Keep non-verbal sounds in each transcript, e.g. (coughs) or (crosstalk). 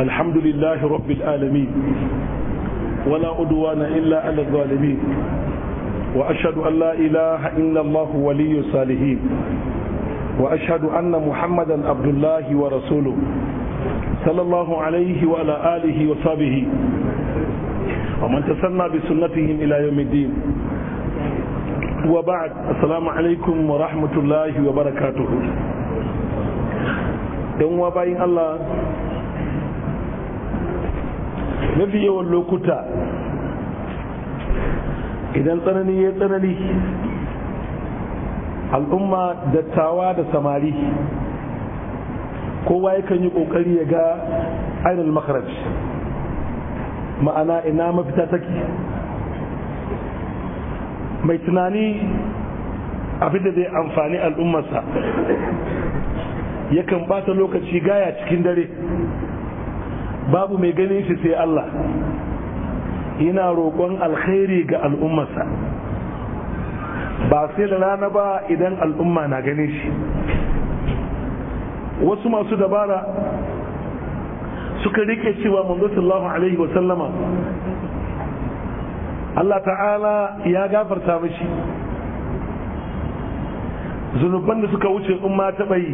الحمد لله رب العالمين ولا عدوان إلا على الظالمين وأشهد أن لا إله إلا الله ولي الصالحين وأشهد أن محمدا عبد الله ورسوله صلى الله عليه وعلى آله وصحبه ومن تسنى بسنتهم إلى يوم الدين وبعد السلام عليكم ورحمة الله وبركاته don wa bayin Allah mafi yawan lokuta idan tsanani ya tsanani al'umma dattawa da samari kowa ya kan yi kokari ya ga ainihin makaraj ma'ana ina mafita take mai tunani abin da zai amfani al'ummarsa yakan bata lokaci gaya cikin dare babu mai ganin shi sai Allah ina roƙon alkhairi ga al'ummarsa ba sai da rana ba idan al'umma na ganin shi wasu masu dabara suka rike cewa manzo sallallahu alaihi wa sallama Allah ta'ala ya gafarta mishi zunuban da suka wuce in ma taɓa yi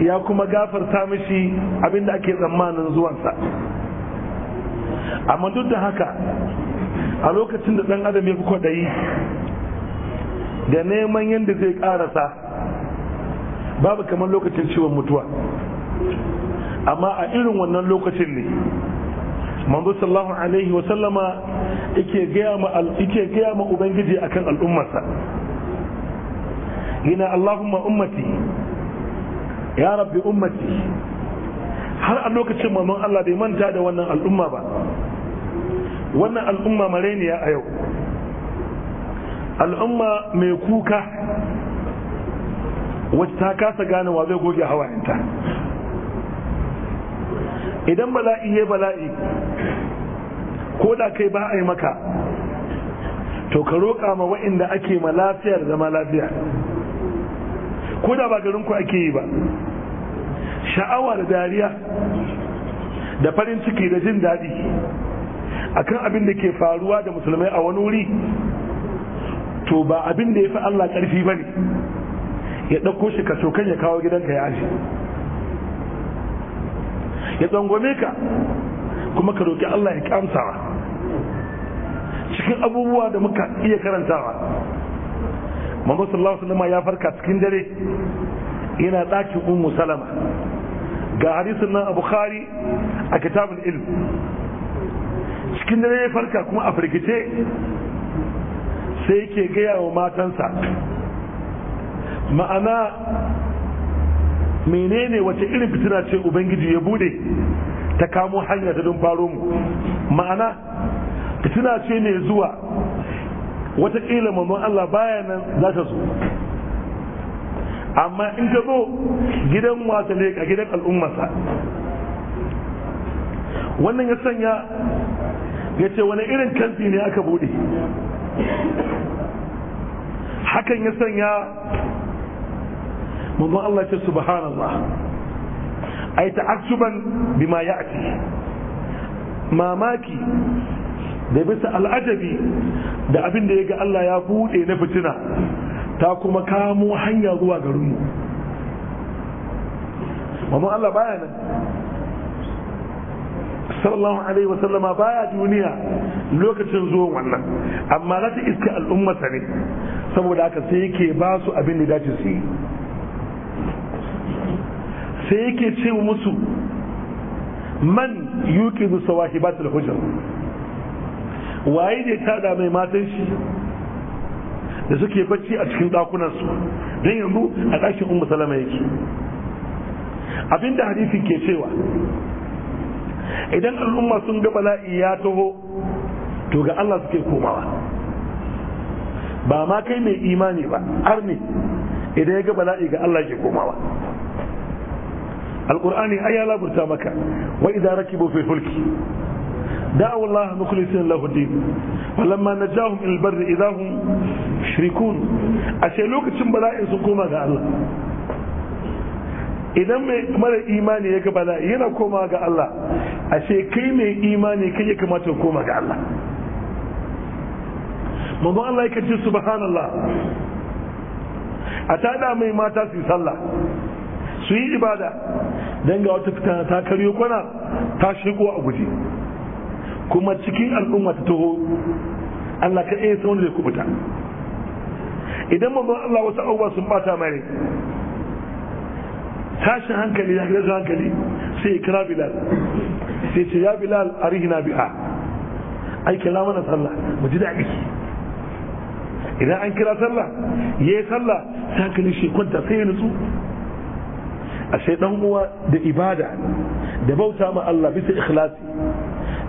ya kuma gafarta mishi abinda ake tsammanin zuwansa amma duk da haka a lokacin da ɗan adam ya fi kwaɗayi da neman yadda zai ƙarasa babu kamar lokacin ciwon mutuwa amma a irin wannan lokacin ne manzo sallallahu alaihi wa sallama yake gaya ma yake gaya ma ubangiji akan al'ummarsa yana allahumma ummati ya rabbi ummati har a lokacin mamman Allah bai manta da wannan al'umma ba wannan al'umma mareniya a yau al'umma mai kuka wacce ta kasa gane wa zai goge hawayenta idan bala'i ya bala'i ko da kai ba a yi maka to ka roƙa ma wa'inda ake ma lafiyar zama lafiya ko da ba garin ku ake yi ba sha'awa da dariya da farin ciki da jin daɗi akan abin da ke faruwa da musulmai a wani wuri to ba abin da ya fi Allah ƙarfi ba ne ya ɗauko shi ka cokan ya kawo gidanka ya aji ya tsangwame ka kuma ka roƙi Allah ya kamsawa cikin abubuwa da muka iya karantawa manzo sallallahu alaihi ya farka cikin dare yana ɗakin ummu salama ga hadisin nan a bukhari a kitabul ilm cikin dare ya farka kuma a firgice sai yake gaya wa matansa ma'ana menene wace irin fitina ce ubangiji ya bude ta kamo hanya ta don faro mu ma'ana fitina ce ne zuwa wataƙila manzon Allah baya nan za ta zo amma in ka zo gidan wata ne a gidan al'ummarsa wannan ya sanya ya ce wani irin kanti ne aka bude hakan ya sanya manzon Allah ce subhanallah ay ta'assuban bima ya'ti mamaki da bisa al'ajabi da abin da ya ga Allah ya buɗe na fitina ta kuma kamo hanya zuwa garinmu mamman Allah baya nan sallallahu alaihi wasallama baya duniya lokacin zuwan wannan amma za iska iske al'ummata ne saboda haka sai yake ba su abin da dace su yi sai yake ce musu man yuki sawahibatul hujjar waye ne tada mai matan shi da suke bacci a cikin su don yanzu a ɗakin ummu salama yake abinda hadisi ke cewa idan al'umma sun ga bala'i ya taho to ga Allah suke komawa ba ma kai mai imani ba har ne idan ya ga bala'i ga Allah ke komawa alƙur'ani ai ya laburta maka wa idza rakibu fil fulki دعوا الله مخلصين له الدين فلما نجاهم الى البر اذا هم يشركون ashe lokacin bala'in su koma ga Allah idan mai mara imani ya ga yana koma ga Allah ashe kai mai imani kai ya kamata koma ga Allah manzon Allah yake ce subhanallah a tada mai mata su sallah su yi ibada dan ga wata fitana ta karyo kwana ta shigo a guje kuma cikin al'umma ta taho Allah ka ɗaya sa da zai kubuta idan manzon Allah wasu abubuwa sun bata mare tashin hankali ya gaza hankali sai ya kira Bilal sai ce ya Bilal arihina bi'a ai kira mana sallah mu ji daɗi idan an kira sallah ya yi sallah ta hankali shi kwanta sai ya nutsu a sai dan uwa da ibada da bauta ma Allah bisa ikhlasi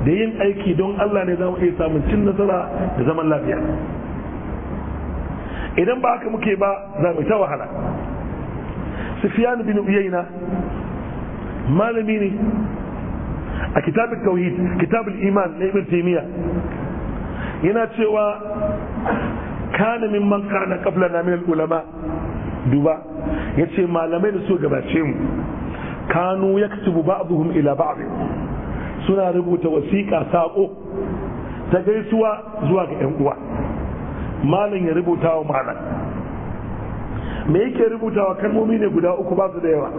da yin aiki don Allah ne za mu iya samun cin nasara da zaman lafiya idan ba haka muke ba za mu ta wahala sufyan bin uyayna malami ne a kitabin tauhid kitabin iman na ibn taymiya yana cewa kana man kana qabla na min ulama duba yace malamai da su gabace mu kanu yaktubu ba'dhum ila ba'd suna rubuta wasiƙa saƙo ta gaisuwa zuwa ga 'yan uwa malam ya rubuta wa malam me yake rubutawa kalmomi ne guda uku ba su da yawa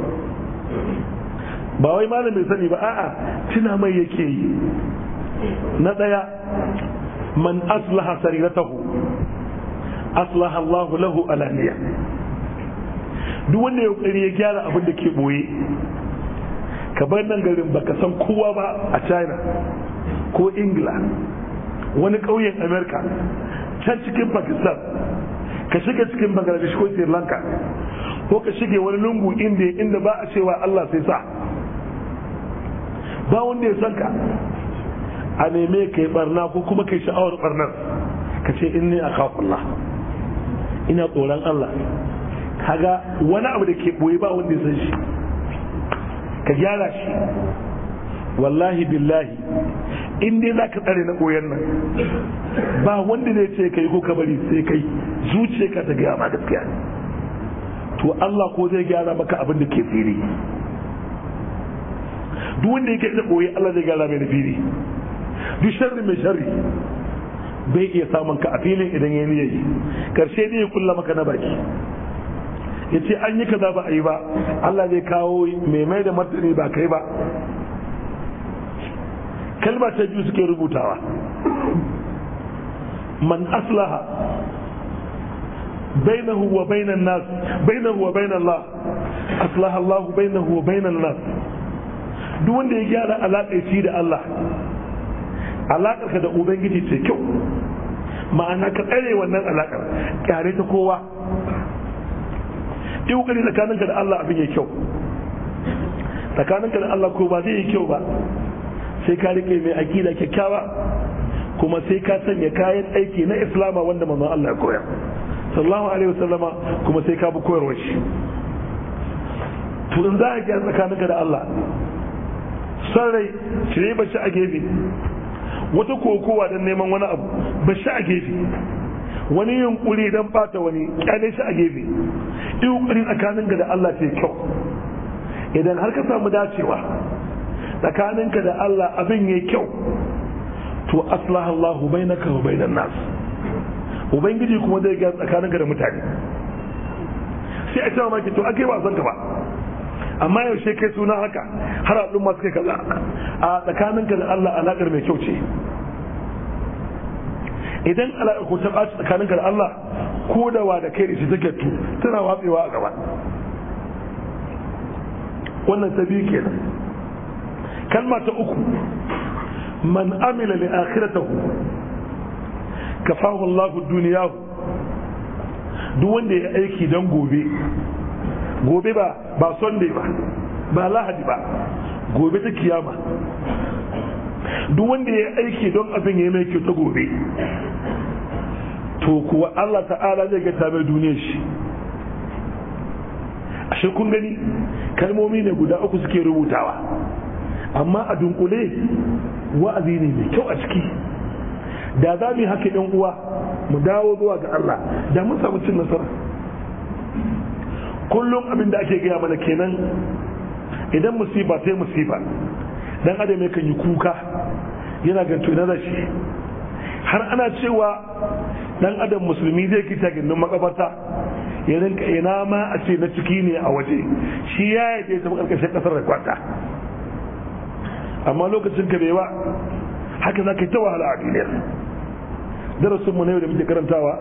ba wai malam bai sani ba a'a tuna mai yake yi na ɗaya man aslaha sariratahu aslaha Allahu lahu alaniya duk wanda ya ya gyara abin da ke ɓoye. ka bar nan garin baka san kowa ba a china ko ingila wani ƙauyen america can cikin pakistan ka shiga cikin bangladesh ko sri lanka ko ka shige wani lungu inda inda ba a cewa allah sai sa ba wanda ya san ka a neme ka yi barna ko kuma ka yi sha'awar barnar ka ce in ne a kafinla ina tsoron allah kaga wani abu da ke boye ba wanda ya san shi ka gyara shi wallahi billahi in dai za ka tsare na koyon nan ba wanda zai ce kai ko ka bari sai kai zuciya ka ta gaya ma gaskiya to Allah ko zai gyara maka abin da ke tsiri duk wanda yake da koyi Allah zai gyara mai da fili duk sharri mai sharri bai iya samun ka a filin idan ya yi karshe ne ya kulla maka na baki ya ce an yi kaza ba a yi ba Allah zai kawo mai mai da martani ba kai ba kalma ta biyu suke rubutawa man aslaha bainahu wa bainan nas bainahu wa bainan Allah aslaha Allah bainahu wa bainan nas duk wanda ya gyara alaƙar shi da Allah alaƙar ka da ubangiji ce kyau ma'ana ka tsare wannan alaƙar kyare ta kowa yi kokari tsakaninka da Allah abin ya kyau tsakaninka da Allah ko ba zai yi kyau ba sai ka rike mai akida kyakkyawa kuma sai ka sanya kayan aiki na islama wanda manzon Allah ya koya sallallahu alaihi wasallama kuma sai ka bi koyarwar shi to in za a gyara tsakaninka da Allah san rai cire ba shi a gefe wata kokowa don neman wani abu ba shi a gefe wani yunkuri don bata wani kyale shi a gefe yi kokari tsakaninka da Allah ke kyau idan har ka samu dacewa tsakaninka da Allah abin ya kyau to aslaha Allah bainaka wa nasu, nas ubangiji kuma zai gaya ga tsakaninka da mutane sai a cewa maki to ake ba san ba amma yaushe kai suna haka har al'umma kai kaza a tsakaninka da Allah alaƙar mai kyau ce idan alaƙar ku ta ɓaci tsakaninka da Allah ko da wa da kai da shi take tu tana watsewa a gaba wannan ta biyu kenan kalma ta uku man amila li akhiratahu kafahu Allah dunyahu duk wanda ya aiki don gobe gobe ba ba sunday ba ba lahadi ba gobe ta kiyama duk wanda ya aiki don abin ya mai kyau ta gobe to kuwa Allah ta'ala zai ga tabar duniyar shi a kun gani kalmomi ne guda uku suke rubutawa amma a dunkule wa'azi ne mai kyau a ciki da za mu yi haka ɗan uwa mu dawo zuwa ga Allah da mun samu cin nasara kullum abin da ake gaya mana kenan idan musiba sai musiba dan adam yakan yi kuka yana ganto na shi har ana cewa dan adam musulmi zai kita gindin makabarta ya rinka ina ma a ce na ciki ne a waje shi ya yi da ya kasar da kwata amma lokacin ka bai ba haka za ka yi ta wahala a duniya darasin mu na yau da muke karantawa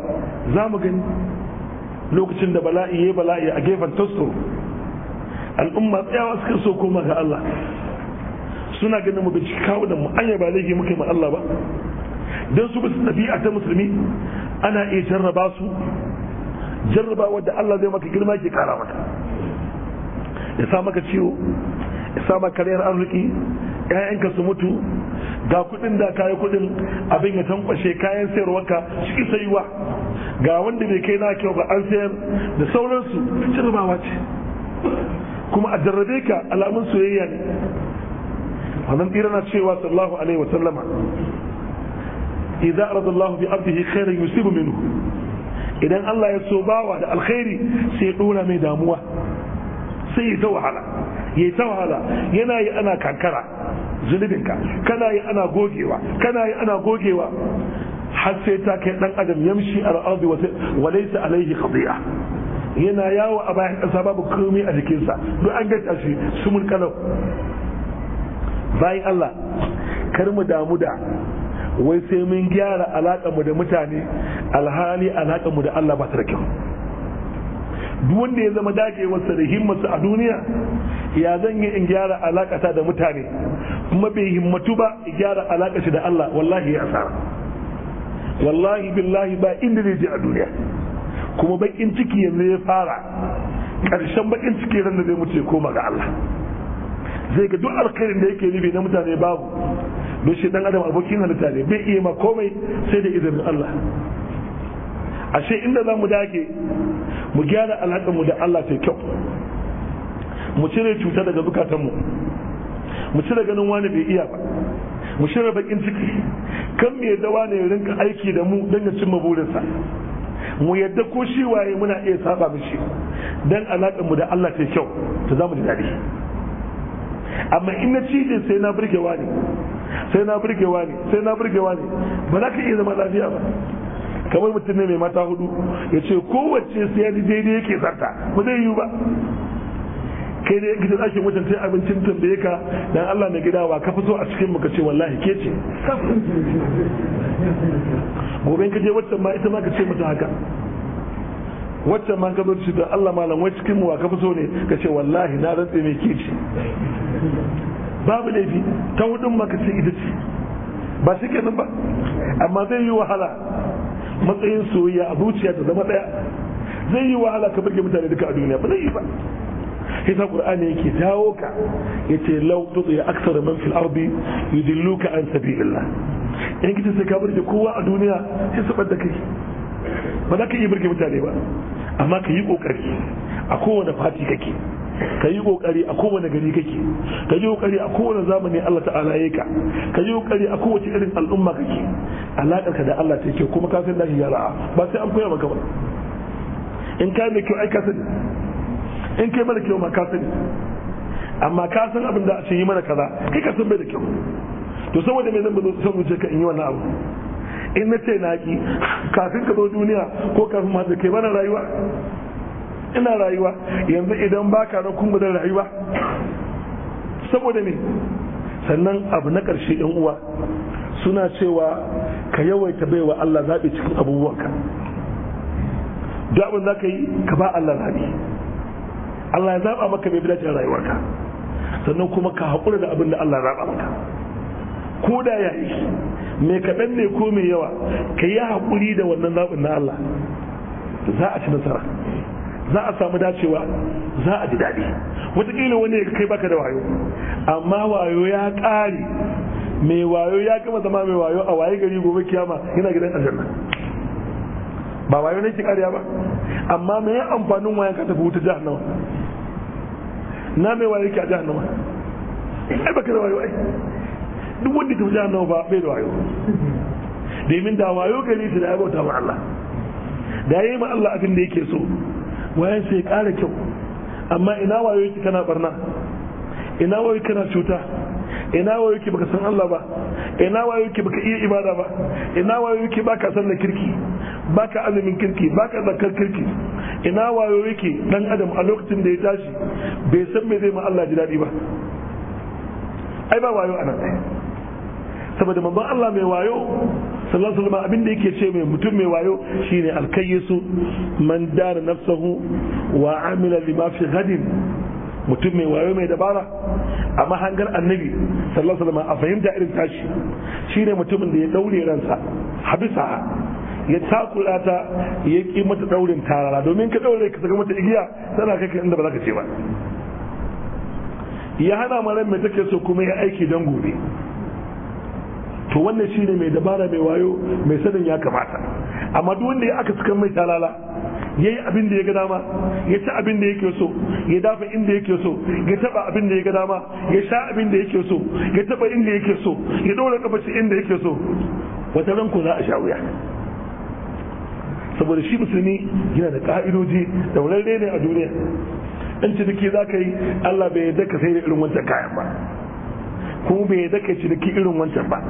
za mu gani lokacin da bala'i ya bala'i a gefen tasto al'umma tsayawa suka so koma ga Allah suna ganin mu bai kawo da mu anya ba laifi yi ma Allah ba don su bisa ɗabi'a ta musulmi ana iya jarraba su jarraba wadda Allah zai maka girma ke kara maka ya sa maka ciwo ya sa maka karyar arziki ƴaƴanka su mutu ga kuɗin da kayi kuɗin abin ya tankwashe kayan sayarwarka shi sayuwa ga wanda bai kai na kyau ba an sayar da sauransu jarrabawa ce kuma a jarrabe ka alamun soyayya ne wannan tsira na cewa sallallahu alaihi wasallama idza aradallahu bi abdihi khairan minhu idan Allah ya so bawa da alkhairi sai ya dora mai damuwa sai ya ta wahala ya ta wahala yana ana kankara zunubinka kana ana gogewa kana ana gogewa har sai ta kai ɗan adam yamshi al ardi wa laysa alayhi khati'a yana yawo a bayan kasa babu komai a jikinsa duk an gaita shi sumun kalau bayan Allah kar mu damu da wai sai mun gyara mu da mutane alhali mu da Allah ba ta da duk wanda ya zama dagewarsa da himmarsa a duniya ya zan yi in gyara alaƙata da mutane kuma bai himmatu ba in gyara alaƙashi da Allah wallahi ya asara wallahi billahi ba inda zai je a duniya kuma bakin ciki yanzu ya fara Karshen bakin ciki ran da zai mutu ya koma ga Allah zai ga duk alkhairin da yake nufi na mutane babu don shi dan adam abokin halitta ne bai iya ma komai sai da izinin Allah ashe inda za mu dage mu gyara alaƙar mu da Allah ta kyau mu cire cuta daga zukatanmu mu cire ganin wani bai iya ba mu shirya bakin ciki kan me yadda wani ya rinka aiki da mu don ya cimma burinsa mu yadda ko shi waye muna iya saba mishi don alaƙar mu da Allah ta kyau ta zamu mu ji daɗi amma in na cije sai na burgewa ne sai na burgewa ne sai na burgewa ne ba za ka iya zama lafiya ba kamar mutum ne mai mata hudu ya ce kowace sai ya daidai yake sarta ba zai yiwu ba kai da da ake wajen sai abincin tambaye ka dan Allah mai gida wa ka fito a cikin mu ka ce wallahi ke ce gobe ka je waccan ma ita ma ka ce mata haka waccan ma ka zo da Allah malam wai cikin mu wa ka fito ne ka ce wallahi na rantse mai ke ce babu laifi ta hudun maka sai ita ce ba shi kenan ba amma zai yi wahala matsayin soyayya a zuciya ta zama daya zai yi wahala ka burge mutane duka a duniya ba zai yi ba hisa qur'ani yake dawo ka yace law tuti aksara man fil ardi yudilluka an sabilillah in kace sai ka burge kowa a duniya sai su da kai ba za ka yi burge mutane ba amma ka yi kokari a kowane fati kake ka yi kokari a kowane gari kake ka yi kokari a kowane zamani Allah ta'ala ya ka ka yi kokari a kowace irin al'umma kake alakar ka da Allah take kuma ka san ya ra'a ba sai an koya maka ba in kai mai kyau ai ka sani in kai mara kyau ma ka sani amma ka san abin da a ce yi mana kaza kai ka san bai da kyau to saboda me nan ba zo san zuciya ka in yi wannan abu in na ce na ki kafin ka zo duniya ko kafin ma da kai mana rayuwa ina rayuwa yanzu idan baka da kun gudan rayuwa saboda me sannan abu na ƙarshe yan uwa suna cewa ka yawaita baiwa Allah zaɓi cikin abubuwanka duk abin za ka yi ka ba Allah zaɓi Allah ya zaɓa maka bai bidacin rayuwarka sannan kuma ka haƙura da abin da Allah zaɓa maka ko da ya yi mai kaɗan ne ko mai yawa ka yi haƙuri da wannan zaɓin na Allah za a ci nasara za a samu dacewa za a ji daɗi wataƙila wani ya kai baka da wayo amma wayo ya ƙare mai wayo ya gama zama mai wayo a waye gari gobe kiyama yana gidan aljanna ba wayo ne ke ƙarya ba amma mai yi amfanin wayan ka tafi wuta nawa? na mai wayo ke a jahannama ai baka da wayo ai duk wanda tafi nawa ba bai da wayo domin da wayo gari ta da ya bauta ma Allah da ya yi ma Allah abin da yake so wayan sai ƙara kyau amma ina wayo yake kana barna ina wayo kana cuta ina wayo yake baka san Allah ba ina wayo yake baka iya ibada ba ina wayo yake baka san kirki baka azumin kirki baka zakar kirki ina wayo yake dan adam a lokacin da ya tashi bai san me zai ma Allah ji daɗi ba ai ba wayo anan saboda manzon Allah mai wayo sallallahu alaihi wasallam abin yake ce mai mutum mai wayo shine alkayyisu man dana nafsahu wa amila lima fi ghadin mutum mai wayo mai dabara a mahangar annabi sallallahu alaihi wasallam a fahimta irin tashi shine mutumin da ya daure ransa habisa ya takura ta ya ki mata daurin tarara domin ka daure ka saka mata igiya tana kai inda ba za ka ce ba ya hana maran mai take so kuma ya aiki don gobe to wannan shine mai dabara mai wayo mai sanin ya kamata amma duk wanda ya aka cikin mai talala ya yi abin da ya ga dama ya ci abin da yake so ya dafa inda yake so ya taba abin da ya ga dama ya sha abin da yake so ya taba inda yake so ya dora kafashi inda yake so wata ran ko za a sha saboda shi musulmi yana da ka'idoji da wurare ne a duniya in ciniki za ka allah bai yarda ka sai da irin wancan kayan ba kuma bai yarda ka ciniki irin wancan ba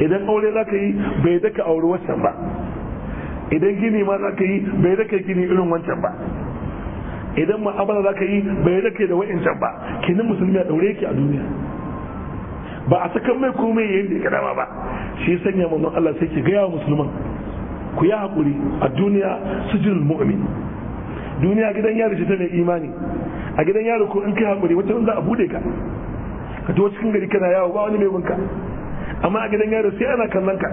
idan aure za ka yi bai daka aure wancan ba idan gini ma za ka yi bai daka gini irin wancan ba idan ma'amala za ka yi bai daka da wa'incan ba kinin musulmi a daure yake a duniya ba a sakan mai komai yayin da ya kadama ba shi sanya manzon Allah sai ki gaya wa musulman ku yi hakuri a duniya su jin mu'min duniya gidan yaro ce ta mai imani a gidan yari ko in kai hakuri wata za a bude ka ka to cikin gari kana yawo ba wani mai wanka amma a gidan yaro sai ana kallon ka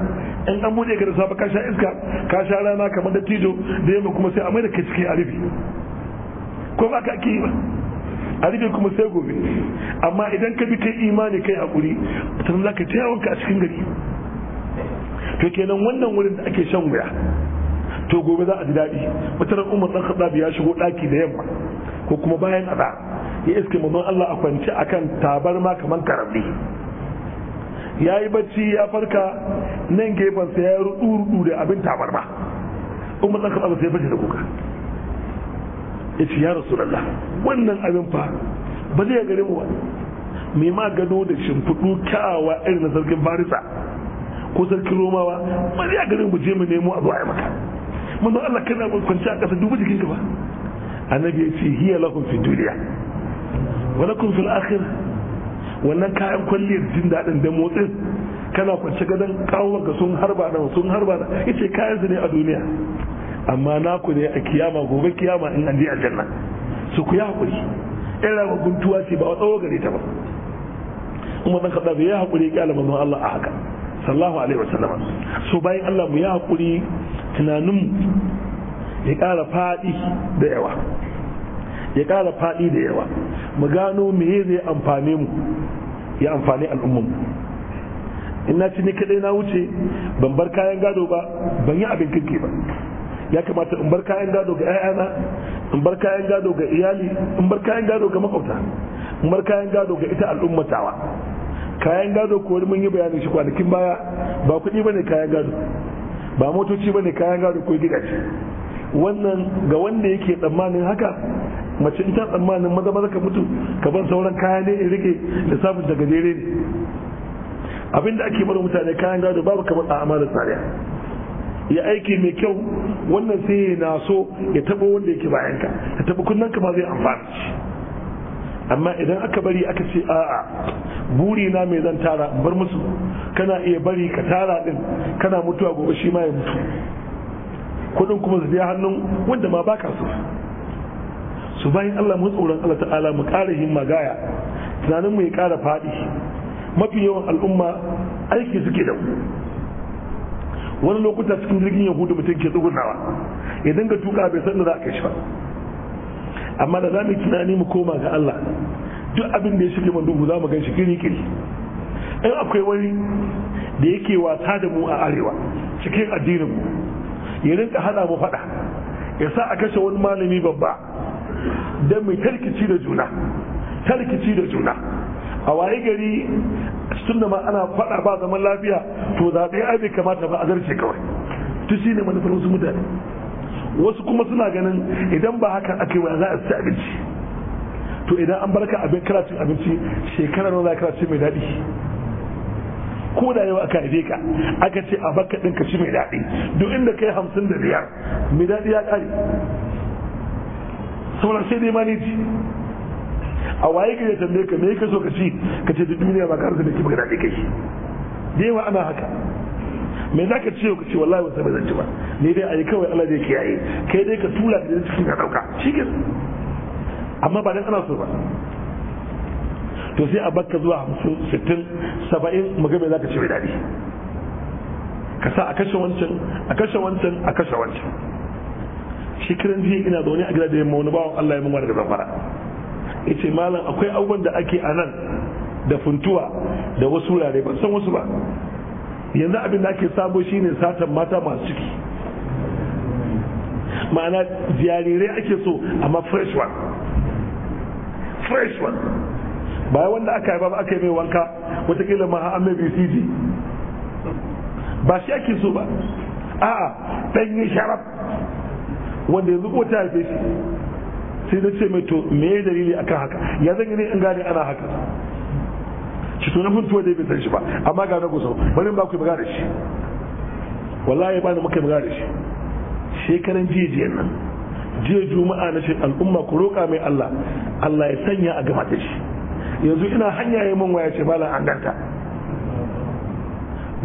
in an buɗe ka da safa ka sha iska ka sha rana kamar da tijo da yamma kuma sai a mai da ka cikin arifi ko ba ka ake yi ba arifi kuma sai gobe amma idan ka bi kai imani kai hakuri tun za ka tayawanka a cikin gari to kenan wannan wurin da ake shan wuya to gobe za a ji daɗi wata ran umar dan khattab ya shigo ɗaki da yamma ko kuma bayan ada ya iske manzon Allah a kwance akan tabarma kamar karabi ya yi bacci ya farka nan gefensa ya rudu rudu da abin tabarma umar ɗan kaɓa sai fashe da kuka ya ce ya rasu lalla wannan abin fa ba zai gari mu ba mai ma gado da shimfiɗu kyawa irin na sarkin farisa ko sarkin romawa ba zai gari mu je mu nemo a zuwa ya maka mun Allah kana kwanci a ƙasa dubu jikinka ba annabi ya ce hiya lahum fi duniya wa lakum fil akhirah wannan kayan kwalliyar jin daɗin da motsin kana kwance gadon kawon ka sun harba da sun harba da ita kayan su ne a duniya amma naku ne a kiyama gobe kiyama in an je janna su ku yi hakuri ɗan rama guntuwa ce ba a tsawo gare ta ba kuma zan kaɗa bai yi hakuri ya kyala mazan Allah a haka sallahu alaihi wa sallama so bayan Allah mu yi hakuri tunaninmu ya ƙara faɗi da yawa ya ƙara faɗi da yawa mu gano meye zai amfane mu ya amfani al'ummar mu in na ci ni kaɗai na wuce ban bar kayan gado ba ban yi abin kirki ba ya kamata in bar kayan gado ga 'ya'yana in bar kayan gado ga iyali in bar kayan gado ga makauta in bar kayan gado ga ita al'ummatawa kayan gado ko wani mun yi bayanin shi kwanakin baya ba kuɗi ba ne kayan gado ba motoci ba ne kayan gado ko gidaje wannan ga wanda yake tsammanin haka mace ita tsammanin maza maza ka mutu ka ban sauran kaya ne in rike lissafin daga dare ne abinda ake bar mutane kayan gado babu kamar a amalar tsariya ya aiki mai kyau wannan sai ya na so ya taba wanda yake bayan ka ya taba kunnen ka ba zai amfana shi amma idan aka bari aka ce a'a buri na mai zan tara bar musu kana iya bari ka tara din kana mutuwa gobe shi ma ya mutu kudin kuma su biya hannun wanda ma baka su su bayan Allah mu tsoron Allah ta'ala mu ƙara yin magaya tunanin mu ya ƙara faɗi mafi yawan al'umma aiki suke da wani lokuta cikin jirgin yahudu mutum ke tsugunawa ya dinga tuka bai san za a kai shi ba amma da za mu tunani mu koma ga Allah duk abin da ya shige mun duhu zamu mu gan shi kiri kiri in akwai wani da yake wata da mu a arewa cikin addinin mu ya rinka hada mu faɗa ya sa a kashe wani malami babba don mai tarkici da juna tarkici da juna a waye gari sun da ma ana faɗa ba zaman lafiya to zaɓe ai bai kamata ba a zarce kawai tu shi ne manufar wasu mutane wasu kuma suna ganin idan ba haka ake wa za a ci abinci to idan an barka abin karatun abinci shekara nawa za ka mai daɗi ko da yau aka haife ka aka ce a baka ɗin ka ci mai daɗi duk inda kai hamsin da biyar mai daɗi ya ƙare sauran sai dai ci a waye ka ya tambaye ka me ka so ka ci ka ce duniya ba karsa da ke magana da kai da yawa ana haka me za ka ce ka ce wallahi wata bai zanci ba ne dai a yi kawai da zai kiyaye kai dai ka tura da zai cikin ka ɗauka shi ke amma ba dan ana so ba to sai a bakka zuwa hamsin sittin saba'in mu za ka ce mai daɗi ka sa a kashe wancan a kashe wancan a kashe wancan shekaran jiya ina zaune a gida da yamma wani bawan Allah ya mun wani da zafara ya ce malam akwai abubuwan da ake a nan da funtuwa da wasu wurare ban san wasu ba yanzu abin da ake sabo ne satan mata masu ciki ma'ana jarirai ake so amma fresh one fresh one ba wanda aka yi ba aka yi mai wanka watakila ma an mai bcg ba shi ake so ba a'a ɗanyen sharaf wanda yanzu ko ta haife shi sai na ce mai to me ya dalili akan haka ya zan gani in gane ana haka shi to na funtuwa dai bai san shi ba amma ga na gusau bari ba ku magana da shi wallahi ba ni muka magana da shi shekaran jijiyan nan jiya juma'a na shi al'umma ku roƙa mai Allah Allah ya sanya a gama da shi yanzu ina hanya yi mun waya ce malam an ganta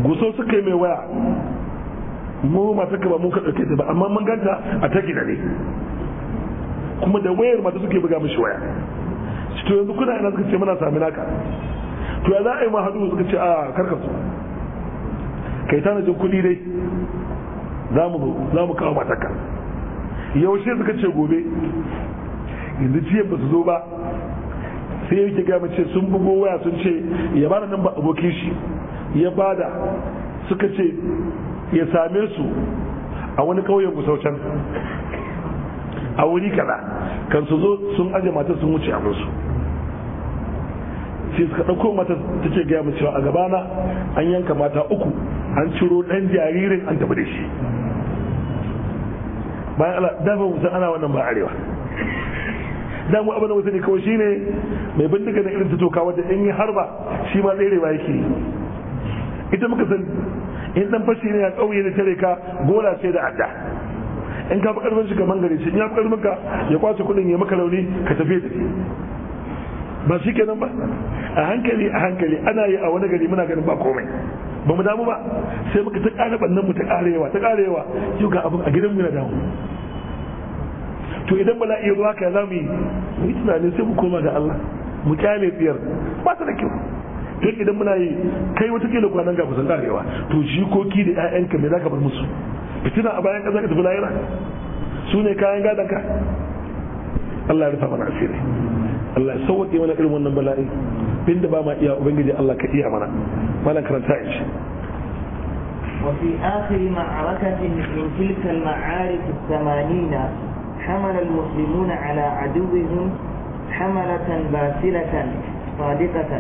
gusau suka yi mai waya mu masu ba mun ka ta ba amma mun ganta a ta gida ne kuma da wayar mata suke buga mishi waya to yanzu kuna ina suka ce muna sami naka to ya za a yi ma haɗu suka ce a su kai tanajin kuɗi dai za mu kawo matarka yaushe suka ce gobe yanzu jiya ba su zo ba sai yake ga mace sun bugo waya sun ce ya bada nan ba abokin shi ya bada suka ce ya same su a wani ƙauyen gusaucan a wuri kaza kan su zo sun aje mata sun wuce a musu sai suka ɗauko mata ta ce gaya cewa a gabana an yanka mata uku an ciro ɗan jaririn an tafi da shi bayan ala dafa musan ana wannan ba arewa damu abin da wasu ne kawai shine mai bindiga da irin ta toka wadda in yi harba shi ma tsere ba yake ita muka san in dan fashi ne ya kauye da tare ka gola sai da adda in ka fi shi shugaban gari shi in ya fi maka ka ya kwace kudin ya maka rauni ka tafi da ba shi kenan ba a hankali a hankali ana yi a wani gari muna ganin ba komai ba mu damu ba sai muka ta ƙara bannan mu ta ƙara yawa ta ƙara yawa yau ga abin a gidan mu na damu to idan bala iya zuwa ka za mu yi mu yi tunanin sai mu koma ga Allah mu kyale tsiyar ba ta da kyau kai idan muna yi kai wata kila kwanan ga kusan karewa to jikoki da 'ya'yanka me za bar musu fitina a bayan kaza ka tafi lahira su ne kayan gadon ka Allah ya rufa mana asiri Allah ya sauke mana irin wannan bala'i bin da ba ma iya ubangiji Allah ka iya mana malam karanta shi وفي آخر معركة من تلك المعارك الثمانين حمل المسلمون على عدوهم حملة باسلة صادقة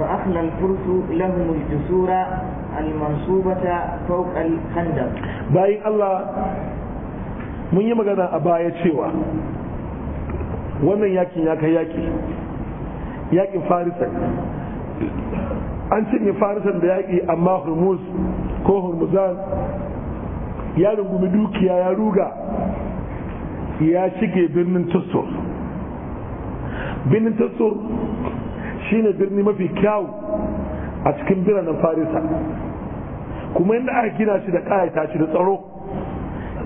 فأخلى الفرس لهم الجسور المنصوبة فوق الخندق باي الله من يمغنا magana a ومن يكي wannan يكي ya kai an cinye farisan da yaƙi amma hormuz ko hormuzan ya rungumi dukiya ya ruga ya shige birnin tussur birnin tussur Shi ne birni mafi kyau a cikin biranen farisa kuma yadda aka gina shi da kayata shi da tsaro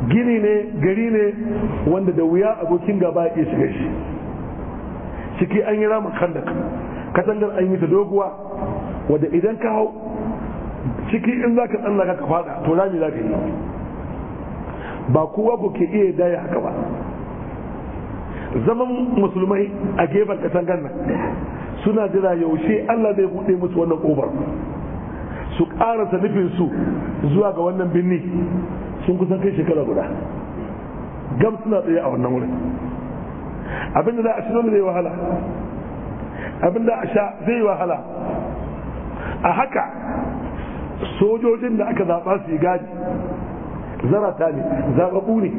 gini ne gari ne wanda da wuya abokin gaba ya shiga shi ciki an yi ramin khandak katangar an yi ta doguwa wadda idan ka hau ciki in za ka tsalla ka fada to rami za ka yi ba kowa ku ke iya daya haka ba zaman musulmai a gefen katangar nan suna jira yaushe Allah zai buɗe musu wannan ƙofar su ƙarasa nufinsu zuwa ga wannan birni, sun kusan kai shekara guda gam suna tsaye a wannan wurin abinda za a shi dole zai wahala abinda a sha zai wahala a haka sojojin da aka zaɓa su yi gadi zarata ne zaɓaɓɓu ne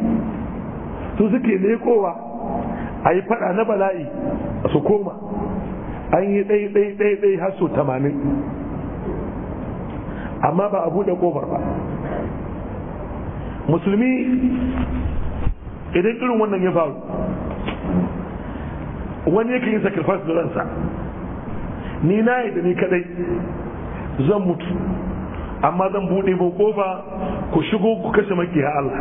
su suke lekowa a yi faɗa na bala'i su koma an yi ɗai ɗai ɗai har sau tamanin amma ba a buɗe ƙofar ba musulmi idan irin wannan ya faru wani yake yin sacrifice da ransa ni na yi da ni kadai zan mutu amma zan buɗe ba kofa ku shigo ku kashe ha Allah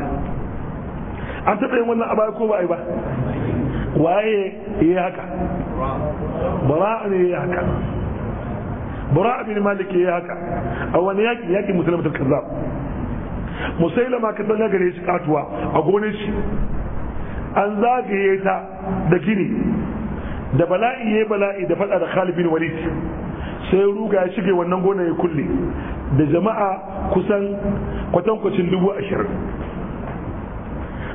an taɓa yin wannan a ko ba ba waye ya haka bara ne ya haka bara bin malik ya haka a wani yaki yaki musulmatul kazzab musailama kazzab ya gare shi a gonar shi an zagaye ta da gini da bala'i ya bala'i da faɗa da Khalid bin Walid sai ruga ya shiga wannan gona ya kulle da jama'a kusan kwatankwacin dubu ashirin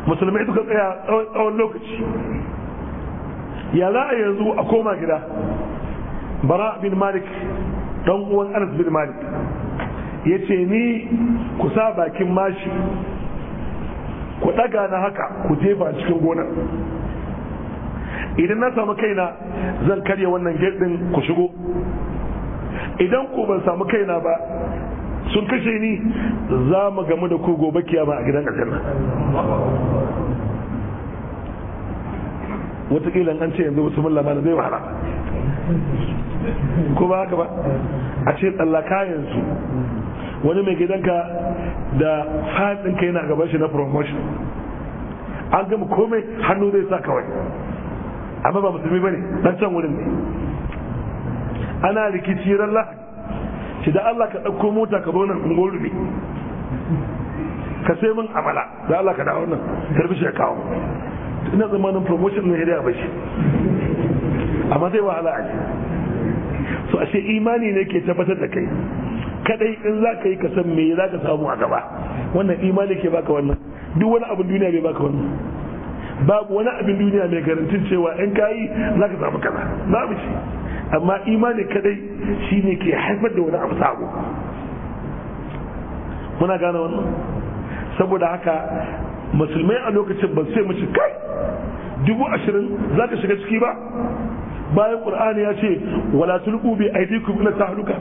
musulmai suka tsaya tsawon lokaci ya za a yanzu a koma gida bara bin malik dan uwan anas bin malik ya ce ni ku sa bakin mashi ku daga na haka ku jefa cikin gona idan na samu kaina zan karya wannan gerdin ku shigo idan ku ban samu kaina ba sun kashe ni za mu gamu da ku gobe kiyama a gidan aljanna Watakila an ce yanzu wasu mullama zai wahala ko ba haka ba a ce tsallaka yanzu wani mai gidanka da fatsinka yana gaban shi na promotion an gama komai hannu zai sa kawai amma ba musulmi bane dan can wurin ne ana rikici ralla shi da Allah ka ɗauko mota ka zo nan ungolumi ka sai min amala da Allah ka dawo nan karbi shi kawo ina zamanin promotion na hidaya ba shi amma zai wahala a so ashe imani ne ke tabbatar da kai kadai in za ka yi ka san me za ka samu a gaba wannan imani ke baka wannan duk wani abin duniya bai baka wannan babu wani abin duniya mai garantin cewa in ka yi za ka samu kaza babu shi amma imani kadai shine ke haifar da wani abu sabo muna gane wannan saboda haka musulmai a lokacin ba sai mace kai dubu ashirin za ka shiga ciki ba bayan qur'ani ya ce wala tulqu bi aydikum ila tahluka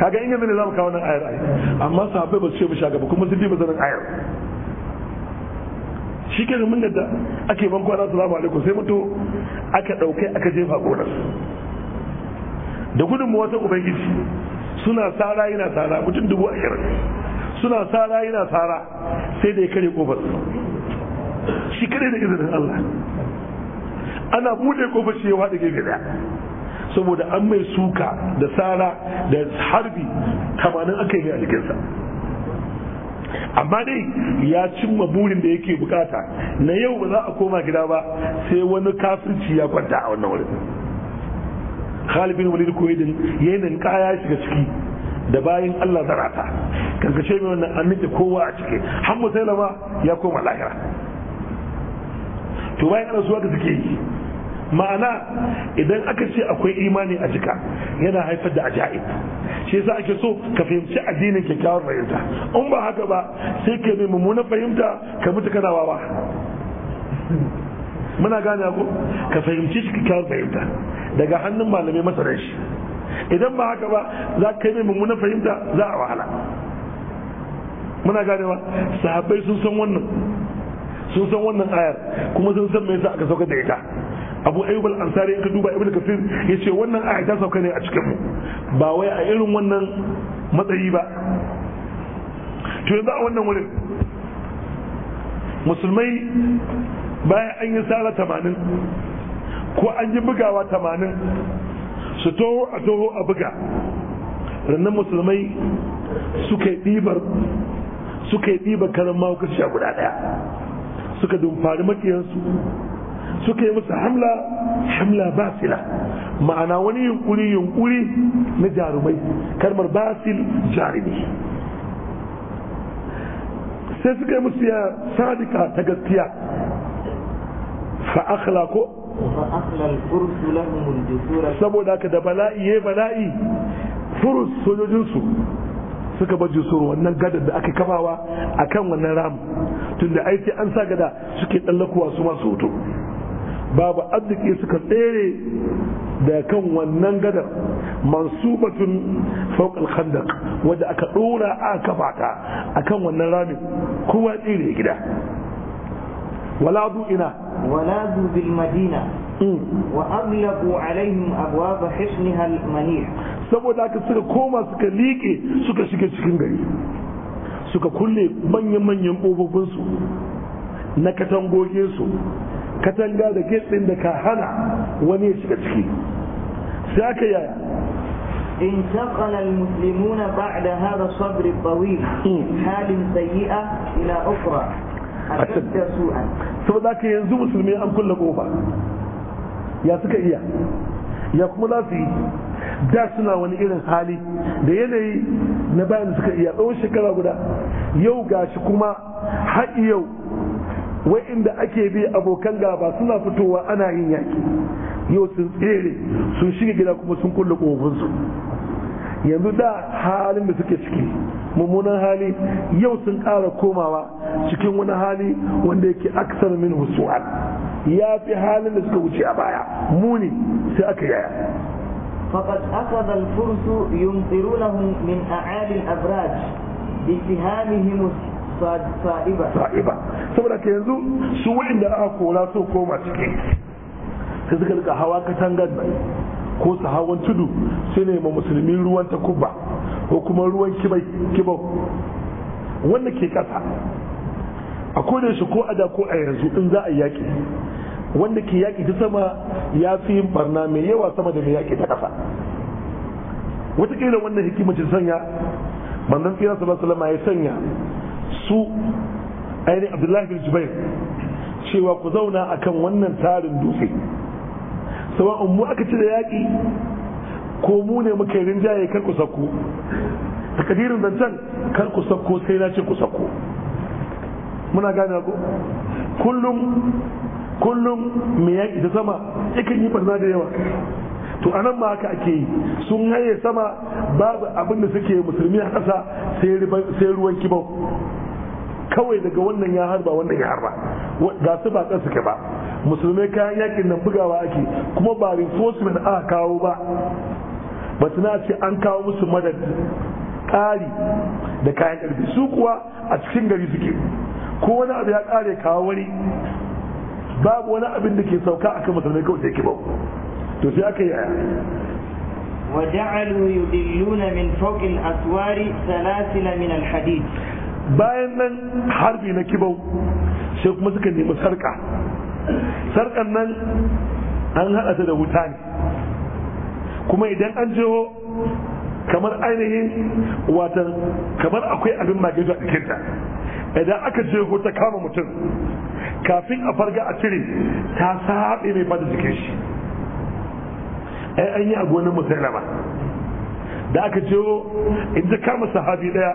kaga in yanzu ne mu kawo nan ayar amma sahabbai ba su ce mu shaga ba kuma sun ba zanen ayar shi ke mun yadda ake ban kwana salamu alaikum sai mutu aka ɗauke aka jefa gonar da gudunmu wata ubangiji suna tsara yana tsara mutum dubu ashirin suna tsara yana tsara sai da ya kare kofar shi kare da izinin Allah ana bude kofar shi ya wada gefe daya saboda an mai suka da tsara da harbi tamanin aka yi a jikinsa amma dai ya cimma burin da yake bukata na yau ba za a koma gida ba sai wani kafirci ya kwanta a wannan wurin Khalid bin Walid Kuwaidin yayin kaya shiga ciki da bayan Allah zarata karkashe mai wannan an nike kowa a cike har musailama ya koma lahira to bayan rasuwa da suke yi ma'ana idan aka ce akwai imani a jika yana haifar da aja'ib shi yasa ake so ka fahimci addinin kyakkyawar fahimta in ba haka ba sai ka mai mummunan fahimta ka mutu kana wawa muna gane ku ka fahimci shi kyakkyawar fahimta daga hannun malamai masarai shi idan ba haka ba za ka yi mai mummunan fahimta za a wahala muna ganewa sahabbai sun san wannan sun san wannan ayar kuma sun san me yasa aka sauka da ita abu ayyub al-ansari ka duba ibnu kafir yace wannan aya ta sauka ne a cikin mu ba wai a irin wannan matsayi ba to yanzu a wannan wurin musulmai bayan an yi sara tamanin ko an yi bugawa tamanin su toho a toho a buga rannan musulmai suka yi ɗibar suka yi ɗiba karan mahaukaci a guda ɗaya suka dumfari makiyansu suka yi musu hamla hamla basila ma'ana wani yunkuri yunkuri na jarumai kalmar basil jarumi sai suka yi musu ya sadika ta gaskiya fa'akhla ko saboda ka da bala'i ya bala'i furus sojojinsu suka bar jusur wannan gadar da aka kafawa a kan wannan ram tunda ai sai an sa gada suke tsallakowa su masu hoto babu arziki suka tsere da kan wannan gadar mansubatun fawqal khandaq wadda aka dora a kafa ta akan wannan ramin kowa tsere gida ولا ذو إناء ولا ذو بالمدينة وأغلقوا عليهم أبواب حصنها المنيع سبو ذاك سكا كوما سكا ليكي سكا شكا شكين غري سكا كل من يمن يمقوبوا بنسو نكتنغو يسو katanga da gitsin da ka hana wani ya shiga ciki sai aka yaya انتقل المسلمون بعد هذا الصبر الطويل حال سيئة إلى أخرى a za ka yanzu musulmi an kulle kofa ya suka iya ya kuma za su yi da suna wani irin hali da yanayi na bayan da suka iya tsawon shekara guda yau gashi kuma har yau wa'inda ake bi abokan gaba suna fitowa ana yin yaki yau sun tsere sun shiga gida kuma sun kulle kofinsu yanzu da halin da suke ciki mummunan hali yau sun ƙara komawa cikin wani hali wanda yake aksar min husu'an ya fi halin da suka wuce a baya muni sai aka yaya فقد min a يمطرونهم من da الأبراج بسهامهم صائبة sa'iba. saboda ka yanzu su da aka kora su koma ciki sai suka rika hawa katangar ko su hawan tudu sai ne ma musulmi ruwan Kubba, ko kuma ruwan kibai kibau wanda ke kasa a koda shi ko ada ko a yanzu in za a yaƙi wanda ke yaƙi ta sama ya fi yin barna mai yawa sama da mai yaƙi ta ƙasa wataƙila wannan hikimar ce sanya bandan tsira sallallahu alaihi ya sanya su ainihin abdullahi bin jubair cewa ku zauna akan wannan tarin dutse sawa'un mu aka ci da yaƙi ko mu ne muka yi rinjaye kar ku sako kadirin zancen kar ku sako sai na ce ku sako muna gane ku kullum kullum mai yaƙi ta sama yakan yi barna da yawa to anan ma haka ake yi sun haye sama babu abin da suke musulmi a ƙasa sai ruwan kibau kawai daga wannan ya harba wannan ya harba ga su ba suke ba musulmai kayan yakin nan bugawa ake kuma ba reinforcement a kawo ba ba na ce an kawo musu madad kari da kayan ƙarfi su kuwa a cikin gari suke ko wani abu ya kare kawo wani babu wani abin da ke sauka akan musulmai kawai sai ba to sai aka yi وجعلوا يدلون من فوق الأسوار سلاسل من الحديد bayan nan harbi na kibau sai kuma suka nemi sarka sarkan nan an haɗa ta da wuta ne kuma idan an jeho kamar ainihin watan kamar akwai abin magido a jikinta idan aka jeho ta kama mutum kafin a farga a cire ta saɓe mai fata jikin shi ai an yi a gonar musulama da aka jeho, in ta kama sahabi daya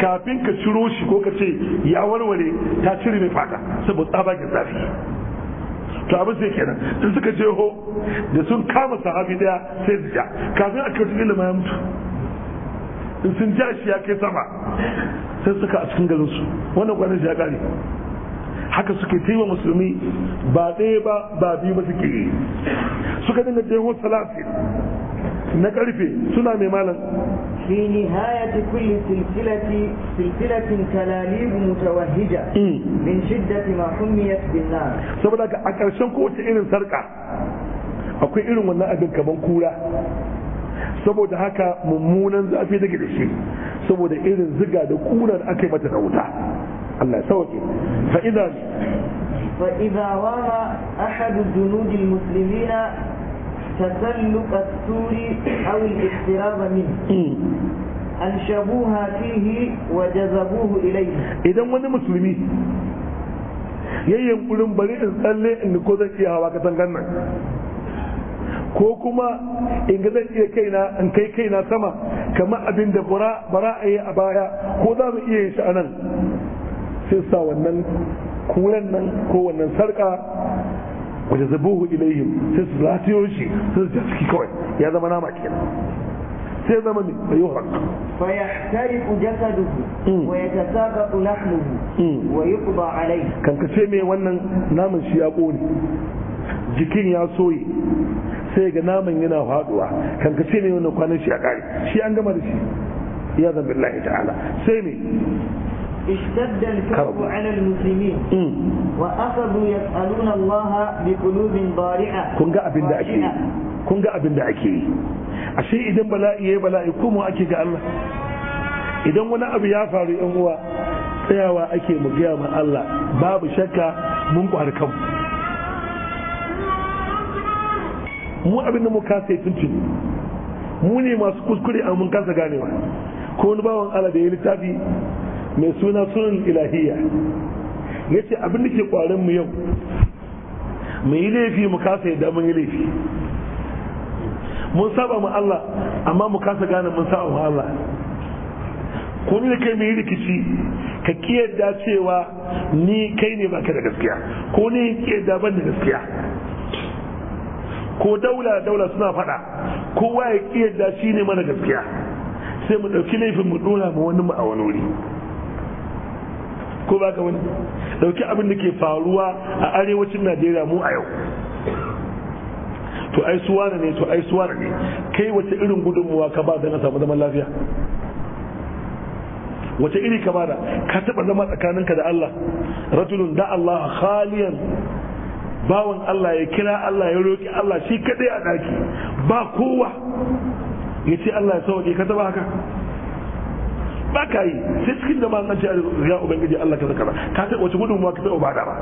kafin ka ciro shi ko ka ce ya warware ta cire mai fata saboda tsabagen zafi to abin sai kenan in suka je ho da sun kama sahabi daya sai su kafin a kyautu ilima ya mutu in sun ja shi ya kai sama sai suka a cikin garinsu wannan kwanan shi ya kare haka suke taiwa musulmi ba ɗaya ba ba biyu ba suke yi suka dinga jeho salatin na karfe suna mai malam في نهاية كل سلسلة سلسلة كلاليب متوهجة من ma ما bin na? saboda ka a ƙarshen kowace irin sarka, akwai irin wannan abin kaman kura saboda haka mummunan zafi take da shi saboda irin ziga da kurar aka yi mata da wuta Allah ya sauke fa idza fa a hadu ahadu junudil muslimina تسلق السور أو الاقتراب منه أنشبوها فيه وجذبوه إليه إذا وانا مسلمي yayi yunkurin bari in tsalle in ko zan iya hawa katangan nan ko kuma in ga zan iya kaina in kai kaina sama kamar abin da bara a yi a baya ko za mu iya yin shi a nan sai sa wannan kuren nan ko wannan sarka wa jazabuhu ilayhim sai su latiyo shi sai su ta ciki kawai ya zama nama kenan sai zama ne fa yuhraq fa yahtariqu jasaduhu wa yatasaqatu lahmuhu wa yuqda alayhi kan kace me wannan naman shi ya kone jikin ya soye sai ga naman yana faduwa kan kace me wannan kwanan shi ya kare shi an gama da shi ya zama billahi ta'ala sai me اشتد الكرب على المسلمين وأخذوا يسألون الله بقلوب ضارعة كن قاعد بالله kun ga abin da ake yi ashe idan bala'i ya bala'i kuma ake ga Allah idan wani abu ya faru ɗan uwa tsayawa ake mu gaya ma Allah babu shakka mun kwar kan mu abinda mu ka yi tuntun mu ne masu kuskure a mun kasa ganewa ko wani bawan Allah da ya littafi mai suna sunan ilahiyya ya ce abin da ke kwarin mu yau mu yi laifi mu kasa yadda mun yi laifi mun saba mu Allah amma mu kasa gane mun saba mu Allah ko ni da kai mai rikici ka kiyarda cewa ni kai ne baka da gaskiya ko ni kiyarda ban da gaskiya ko daula daula suna fada kowa ya kiyarda shi ne mana gaskiya sai mu ɗauki laifin mu ɗora mu wani mu a wani wuri ko ba wani dauki abin da ke faruwa a arewacin najeriya mu a yau to ai suwa ne to ai suwa ne kai wace irin gudunmuwa ka ba da na samu zaman lafiya wace iri ka bada ka taba zama tsakaninka da Allah rajulun da Allah khaliyan bawan Allah ya kira Allah ya roki Allah shi kadai a daki ba kowa yace Allah ya sauke ka taba haka ba ka yi sai cikin da jama'a an ce ya ubangiji Allah kaza zakara ka ta wace gudunmuwa ka taɓa bada ba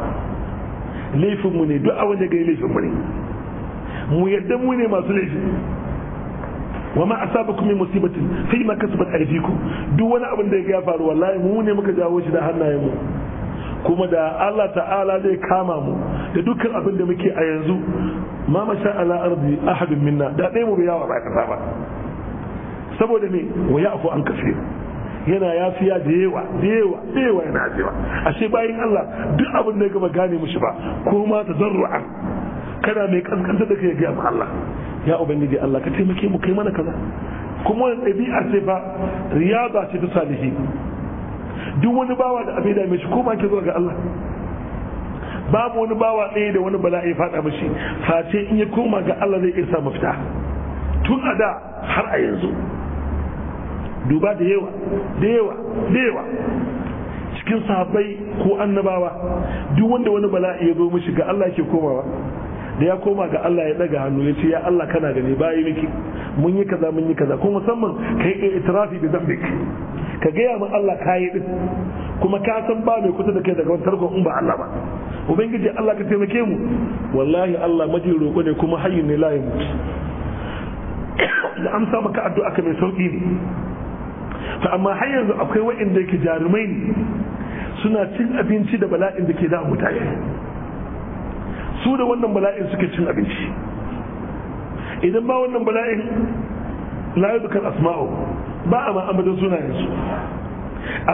laifin mu ne duk abin da ga laifin mu ne mu yadda mu ne masu laifi wa ma asabakum min musibatin fi ma kasabat aydikum duk wani abin da ya faru wallahi mu ne muka jawo shi da hannayen mu kuma da Allah ta'ala zai kama mu da dukkan abin da muke a yanzu ma masha Allah ardi ahadun minna da ɗaya mu bai yawa ba ka ba saboda me wa ya'fu an kafir yana yafiya da yawa da yawa da yawa yana yafiya ashe bayan Allah duk abin da ya gaba gane mushi ba ko ma tazarru'an kana mai kaskanta da kai ga Allah ya ubangiji Allah ka taimake mu kai mana kaza kuma wani ɗabi'a ce ba riyaba ce ta salihi duk wani bawa da abin da mai shi koma ke zuwa ga Allah babu wani bawa ɗaya da wani bala'i faɗa mashi face in ya koma ga Allah zai iya sa mafita tun a da har a yanzu duba da yawa da yawa da yawa cikin sahabbai ko annabawa duk wanda wani bala'i ya zo mishi ga Allah yake komawa da ya koma ga Allah ya daga hannu ya ce ya Allah kana gani bayi miki mun yi kaza mun yi kaza ko musamman kai kai itirafi bi ka gaya mun Allah kayi din kuma ka san ba mai kusa da kai daga wani tarkon in ba Allah ba ubangiji Allah ka taimake mu wallahi Allah maji roƙo ne kuma hayyin ne la mutu (coughs) da amsa maka addu'a ka mai sauki ne to amma har yanzu akwai waɗanda yake jarumai ne suna cin abinci da bala'in da ke da mutane su da wannan bala'in suke cin abinci idan ba wannan bala'in layu dukan asma'u ba a ma'amalin sunayensu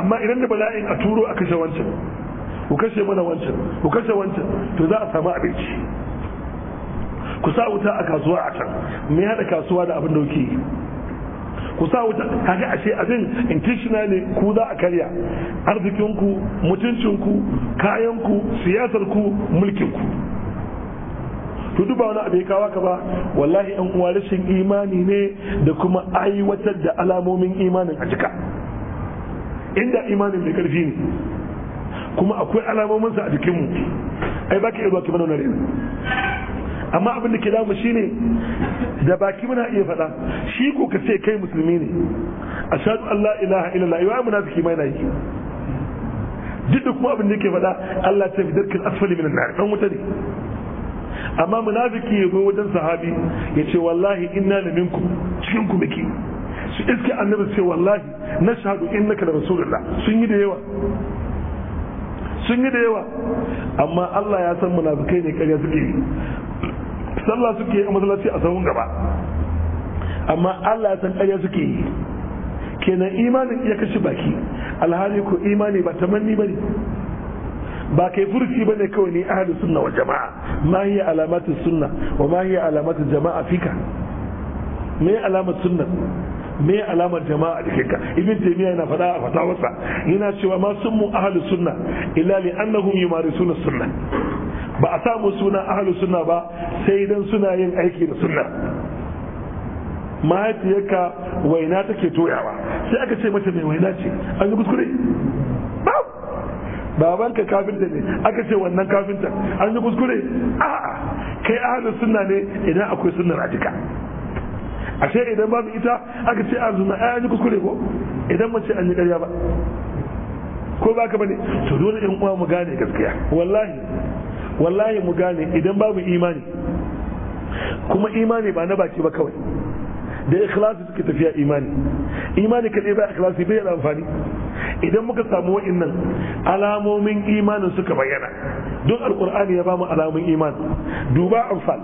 amma idan da bala'in a turo a kashe wancan ku kashe mana wancan ku kashe wancan to za a samu abinci ku sa wuta a kasuwa a can me hada kasuwa da abin da kuke yi ku sa wuta kaga ashe abin ne ku za a karya arzikinku mutuncinku kayanku siyasarku mulkinku to duba wani abu ya kawo ka ba wallahi yan uwa rashin imani ne da kuma aiwatar da alamomin imanin a jika inda imanin mai karfi ne kuma akwai alamominsa a jikinmu ai baka iya zuwa ki mana amma abin da ke damu shine da baki muna iya faɗa shi ko ka ce kai musulmi ne A shaɗu Allah ilaha wa yi munafiki ma yana yi duk da kuma abin da ke faɗa Allah ta fi darkin asfali minan nar dan wuta ne amma munafiki ya zo wajen sahabi ya ce wallahi inna na minku cikin ku muke su iske annabi ce wallahi na shahadu innaka da rasulullah sun yi da yawa sun yi da yawa amma Allah ya san munafikai ne karya suke sallah suke a masallaci a sahun gaba amma Allah ya san ƙarya suke yi kenan imanin ya kashe baki alhali ko imani ba tamanni bane ba kai furci bane kawai ne ahlus sunna wal jamaa ma hiya alamatu sunna wa ma hiya alamatu jamaa fika me alamar sunna me alamar jama'a da kika ibn taymiya yana faɗa a fatawarsa yana cewa ma sunmu ahlus sunna illa li annahum yumarisuna sunna ba a samu suna ahalu sunna ba sai dan suna yin aiki da sunna mahaifiyarka waina take toyawa sai aka ce mata mai waina ce an yi kuskure babanka kafinta ne aka ce wannan kafinta an yi kuskure a'a kai ahalin sunna ne idan akwai sunnar a jika ashe idan babu ita aka ce an suna, an yi kuskure ko idan mace an yi karya ba ko ba ka bane to dole in uwa mu gane gaskiya wallahi wallahi mu gane idan babu imani kuma imani ba na baki ba kawai da ikhlasi suke tafiya imani imani ka ba ikhlasi bai da amfani idan muka samu wa'annan alamomin imanin suka bayyana duk alqur'ani ya bamu alamomin iman duba anfal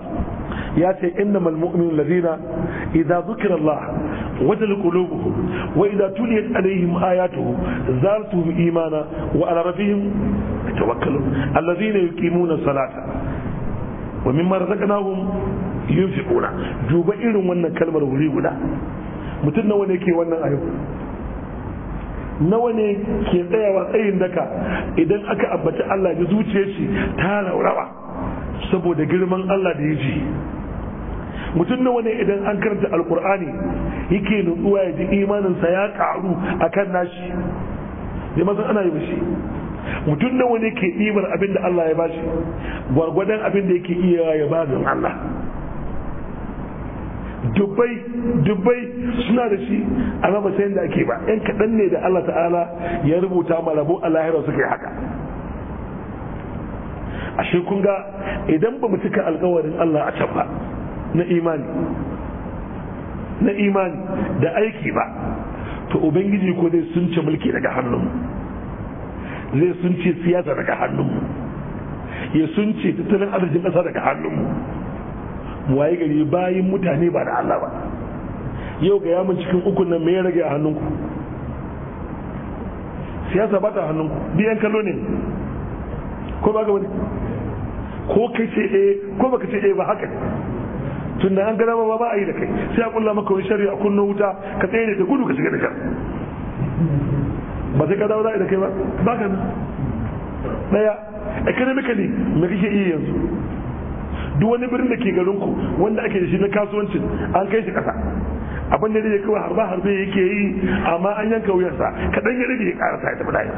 ya ce innamal mu'minu ladina idza dhukira wajen kulubuhu wa idza tuliyat alaihim ayatuhu zartuhum imana wa ala rabbihim tawakkalu alladhina yuqimuna salata wa mimma razaqnahum yunfiquna duba irin wannan kalmar wuri guda mutum nawa ne ke wannan ayo nawa ne ke tsayawa tsayin daka idan aka abbaci Allah ya zuciya shi ta laurawa? saboda girman Allah da ya ji mutum nawa ne idan an karanta alkur'ani yake nutsuwa ya ji imaninsa ya karu akan nashi ne mazan ana yi mashi mutum na wani ke ɗibar abin da Allah ya bashi gwargwadon abin da yake iya ya ba don Allah dubbai dubbai suna da shi a raba sayan da ake ba yan kaɗan ne da Allah ta'ala ya rubuta marabu a lahira suka haka ashe kun ga idan ba mu cika alkawarin Allah a can ba na imani na imani da aiki ba to ubangiji ko zai sunce mulki daga hannunmu zai sunce siyasa daga hannunmu ya sunce tattalin arzikin ƙasa daga hannunmu mu waye gari bayin mutane ba da Allah ba yau ga yamin cikin ukun nan me ya rage a hannunku siyasa ba ta hannunku biyan kallo ne ko ba ga wani ko kai ce eh ko baka ce eh ba haka ne tun da an gada ba ba a yi da kai sai a kulla maka wani shari'a kunna wuta ka tsaye da gudu ka shiga da kai ba sai ka dawo da kai ba ba ka nan daya economically me kike iya yanzu duk wani birnin da ke garin ku wanda ake da shi na kasuwancin an kai shi kasa abin da ya kawai harba harbe yake yi amma an yanka wuyarsa kaɗan ya rage ya ƙarasa ya tafi dayan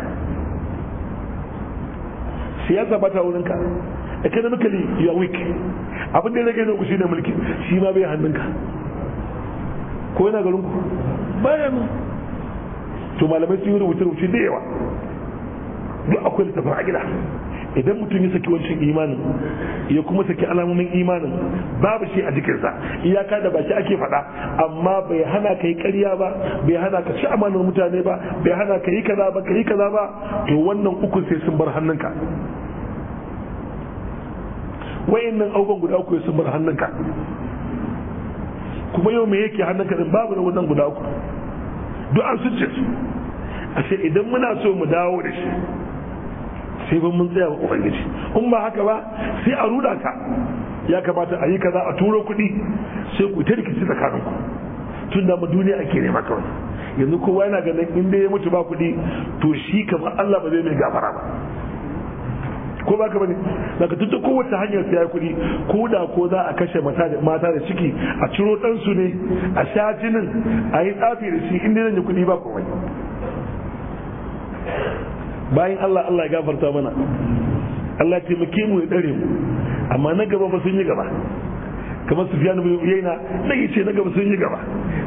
siyasa ba ta wurinka economically ne ya weak abin da ya rage ku shine mulki shi ma bai hannunka ko yana garin ku bayan to malamai sun yi rubuce rubuce da yawa duk akwai littafin a gida idan mutum ya saki wancan imanin ya kuma saki alamomin imanin babu shi a jikinsa iyaka da baki ake faɗa amma bai hana ka yi ƙarya ba bai hana ka ci amanar mutane ba bai hana ka yi kaza ba ka yi kaza ba to wannan uku sai sun bar hannunka nan aukon guda uku ya bar hannunka kuma yau me yake hannunka din babu na wannan guda uku duk an suce su a sai idan muna so mu dawo da shi sai ban mun tsaya wa ubangiji in ba haka ba sai a ruda ka ya kamata a yi kaza a turo kuɗi sai ku ta rikici tsakanin ku tun da duniya ake nema kawai yanzu kowa yana ganin in dai ya mutu ba kuɗi to shi kamar Allah ba zai mai gafara ba ko ba ka bane daga tun kowace hanyar siya kuɗi ko da ko za a kashe mata da ciki a ciro ɗansu ne a sha jinin a yi tsafi da shi inda zan yi kuɗi ba komai bayan Allah Allah ya gafarta mana Allah ya taimake mu ya dare mu amma na gaba ba sun yi gaba kamar na bin Uyayna na ce na gaba sun yi gaba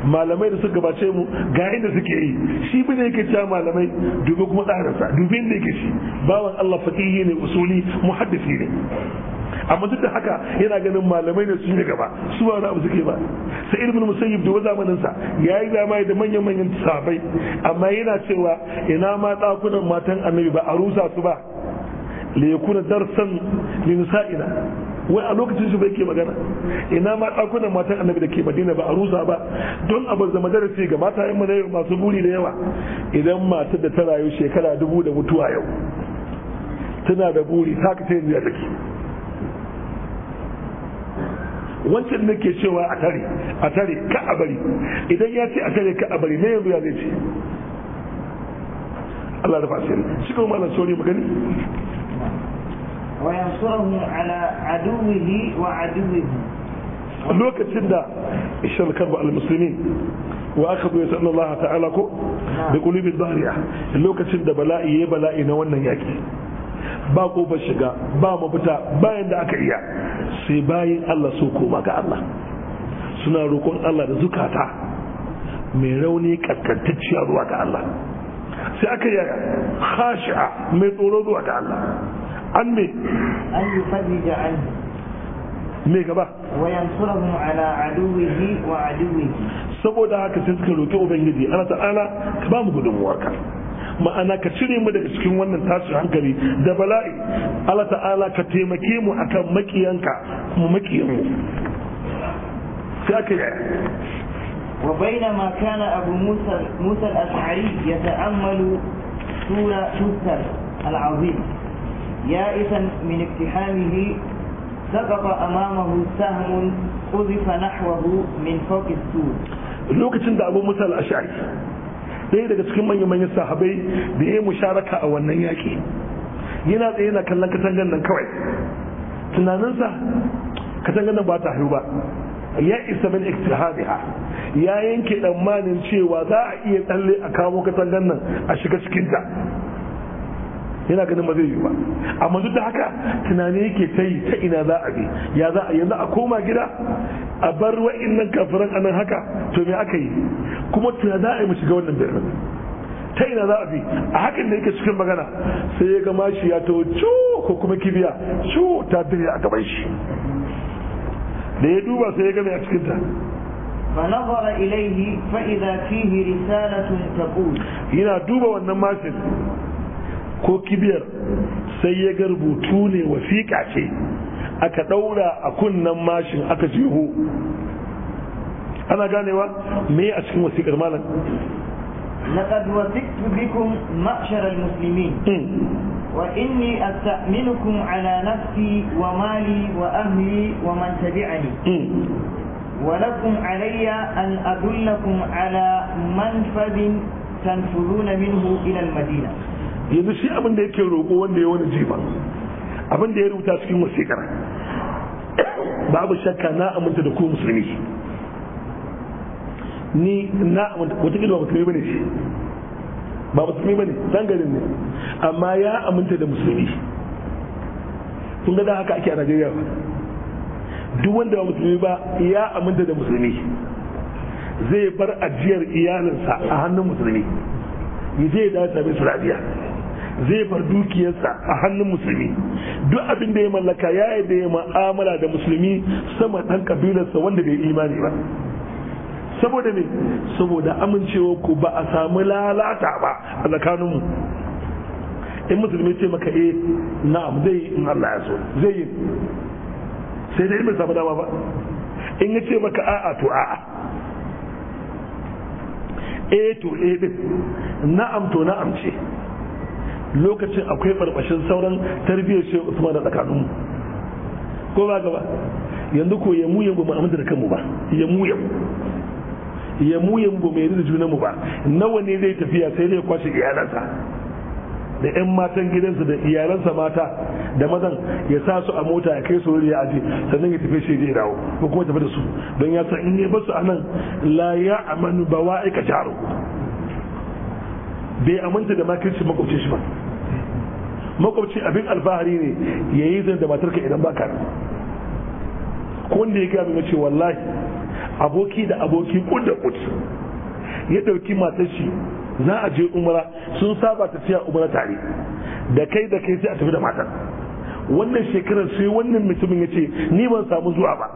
malamai da suka gabace mu ga inda suke yi shi bi ne yake cewa malamai dubi kuma tsarinsa dubi inda yake shi bawan Allah faqihi ne usuli muhaddisi ne amma duk da haka yana ganin malamai ne sun yi gaba su ba abu suke ba sai ibn musayyib da zamanin sa yi zama da manyan manyan sabai amma yana cewa ina ma ɗakunan matan annabi ba a rusa su ba Liyakuna darsan li nisa'ina wai a lokacin su bai ke magana ina ma ɗakunan matan annabi da ke madina ba a rusa ba don abin zama madarasi ga mata yan mana masu buri da yawa idan mata da ta rayu shekara dubu da mutuwa yau tana da buri ta ka yanzu ya ke. wancan da ke cewa a tare a tare ka a bari idan ya ce a tare ka a bari me yanzu ya zai ce Allah da fasiri shi kuma malam sauri magani lokacin da ishar karba al-musulmi wa aka zo sa'an Allah ta'ala ko da kulubin zariya lokacin da bala'i ya bala'i na wannan yaki ba kofar shiga ba fita bayan da aka iya sai bayan Allah so koma ga Allah suna roƙon Allah da zukata mai rauni kaskantacciya ruwa ga Allah sai aka yi khashi'a mai tsoro zuwa ga Allah an me an yi da an me gaba wayan surahu ala aduwihi wa aduwihi saboda haka sai suka roƙi ubangiji ana ana ka ba mu gudunmuwar ka ma'ana ka cire mu daga cikin wannan tashin hankali da bala'i Allah ta'ala ka taimake mu akan makiyanka mu makiyanmu sai aka yi Musa al ashari ya ta'ammalu sura يتأمل al azim يائسا من اقتحامه سقط أمامه سهم قذف نحوه من فوق السور lokacin da abu موسى al'ashari ɗaya daga cikin manyan manyan sahabai da ya musharaka a wannan yaƙi yana tsaye na kallon katangan nan kawai tunaninsa katangan nan ba ta haihu ba ya isa min ikhtihadiha ya yanke tsammanin cewa za a iya tsalle a kawo katangan nan a shiga cikinta yana ganin ba zai yi ba amma duk da haka tunani yake ta yi ta ina za a bi ya za a yanzu a koma gida a bar wa'innan kafiran anan haka to me aka yi kuma tuna za a yi mu shiga wannan birnin ta ina za a bi a hakan da yake cikin magana sai ya ga mashi ya taho cu ko kuma kibiya cu ta dire a gaban shi da ya duba sai ya ga mai a cikin ta فنظر إليه فإذا فيه رسالة تقول هنا دوبا والنماسل ko kibiyar sai ya ga ne wasiƙa ce aka ɗaura a kunnan mashin aka jeho ana ganewa me a cikin wasiƙar malam لقد وثقت بكم معشر المسلمين وإني أستأمنكم على نفسي ومالي وأهلي ومن تبعني ولكم علي أن أدلكم على منفذ تنفذون منه إلى المدينة yanzu shi abin da yake roƙo wanda ya wani jifa abin da ya rubuta cikin wasiƙar babu shakka na aminta da ku musulmi ni na aminta wataƙila ba musulmi bane shi ba musulmi bane dan garin ne amma ya aminta da musulmi kun ga da haka ake a Najeriya ba duk wanda ba musulmi ba ya aminta da musulmi zai bar ajiyar iyalinsa a hannun musulmi ya je ya dace mai su rabiya zai bar dukiyarsa a hannun musulmi duk abin da ya mallaka ya yi da ya ma'amala da musulmi sama ɗan kabilarsa wanda bai imani ba saboda me saboda amincewa ku ba a samu lalata ba a tsakaninmu in musulmi ce maka eh na'am zai yi in Allah ya so zai yi sai dai bai samu dama ba in ya ce maka a'a to a'a eh to eh din na'am to na'am ce lokacin akwai farfashin sauran tarbiyyar shi Usman da tsakanin mu ko ba gaba yanzu ko ya muyan ba mu da kanmu ba ya muyan ya ya mu mai da junan mu ba nawa ne zai tafiya sai zai kwashe iyalansa da yan matan gidansa da iyalansa mata da mazan ya sa su a mota ya kai su wuri ya aje sannan ya tafi shi zai dawo ko kuma tafi da su don ya san in ya basu anan la ya amanu bawa'ika jaru bai aminta da makirci makwabcin shi ba makwabci abin alfahari ne ya yi zan da matar ka idan baka ka ko wanda ya gaya mace wallahi aboki da aboki kun da ya ɗauki matar shi za a je umara sun saba ta tafiya umara tare da kai da kai sai a tafi da matar wannan shekarar sai wannan mutumin ya ce ni ban samu zuwa ba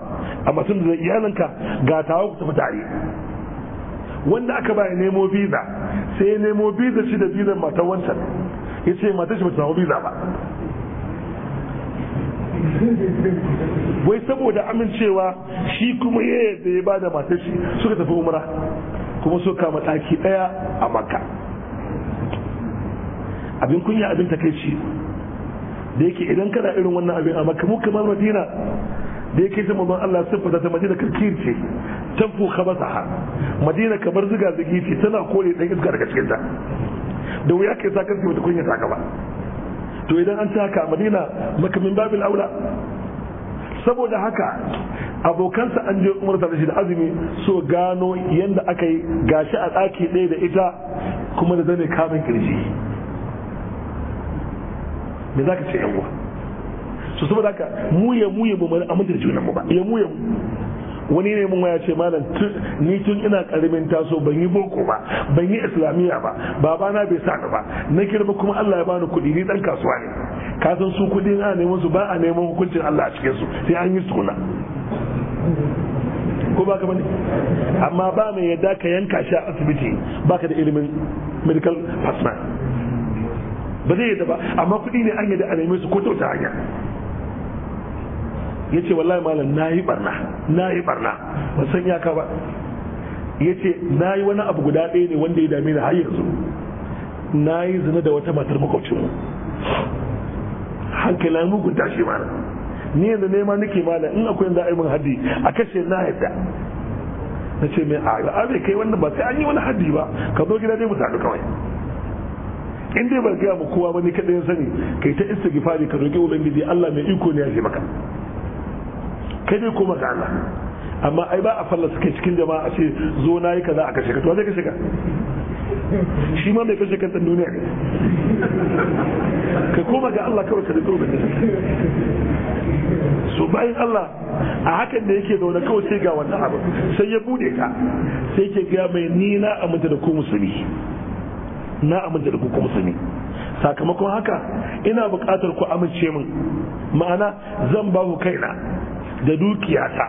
a tun da iyalinka ga tawa ku tafi tare wanda aka bayan nemo biza, sai ya nemo biza shi da visa matar wancan ya ce mata shi ba samu biza ba wai saboda amincewa shi kuma ya yadda ya bada matar shi suka tafi umara kuma suka kama ɗaki ɗaya a makka abin kunya abin takaici da yake idan kana irin wannan abin a makka mu kamar madina da yake sai manzon Allah fata ta madina kirkir ce ta ha madina kamar ziga zugi ce tana kore ɗan iska daga cikinta. ta da wuya ka sa kanka wata kunya saka ba to idan an ci haka a madina makamin babin aula saboda haka abokansa an je umar da shi da azumi so gano yadda aka yi gashi a tsaki ɗaya da ita kuma da zane kamun kirji me za ka ce yan uwa su saboda haka mu ya mu ya mu amince da junan mu ba ya mu ya mu wani ne mun ya ce malam ni tun ina karamin taso ban yi boko ba ban yi islamiyya ba babana bai sa ni ba na girma kuma Allah ya bani kuɗi ni dan kasuwa ne ka san su kuɗi ana neman su ba a neman hukuncin Allah a cikin su sai an yi suna ko ba ka bane amma ba mai yadda ka yanka shi a asibiti baka da ilimin medical personnel ba zai yadda ba amma kuɗi ne an yadda a neme su ko ta hanya ya ce wallahi malam na yi barna na yi barna ban san yaka ba ya ce na yi wani abu guda ɗaya ne wanda ya dame ni har yanzu na yi zina da wata matar makwacin hankali mugun tashi ma ni yanzu nema nake malam in akwai yanzu aimin haddi a kashe na yadda na ce mai a bai kai wannan ba sai an yi wani haddi ba ka zo gida dai mu sadu kawai in dai ba gaya mu kowa ba ni kaɗai sani kai ta istighfari ka roƙi ubangiji Allah mai iko ne ya ce maka kai dai koma ga Allah amma ai ba a fallasa kai cikin jama'a a ce zo na yi kaza a kashe ka to zai kashe ka shi ma mai kashe kansa duniya ne ka koma ga Allah kawai ka da tsoron da so bayan Allah a hakan da yake zaune kawai sai ga wannan abu sai ya bude ta sai ke ga mai ni na aminta da ku musulmi na aminta da ku ku musulmi sakamakon haka ina buƙatar ku amince min ma'ana zan ba ku kaina da dukiyata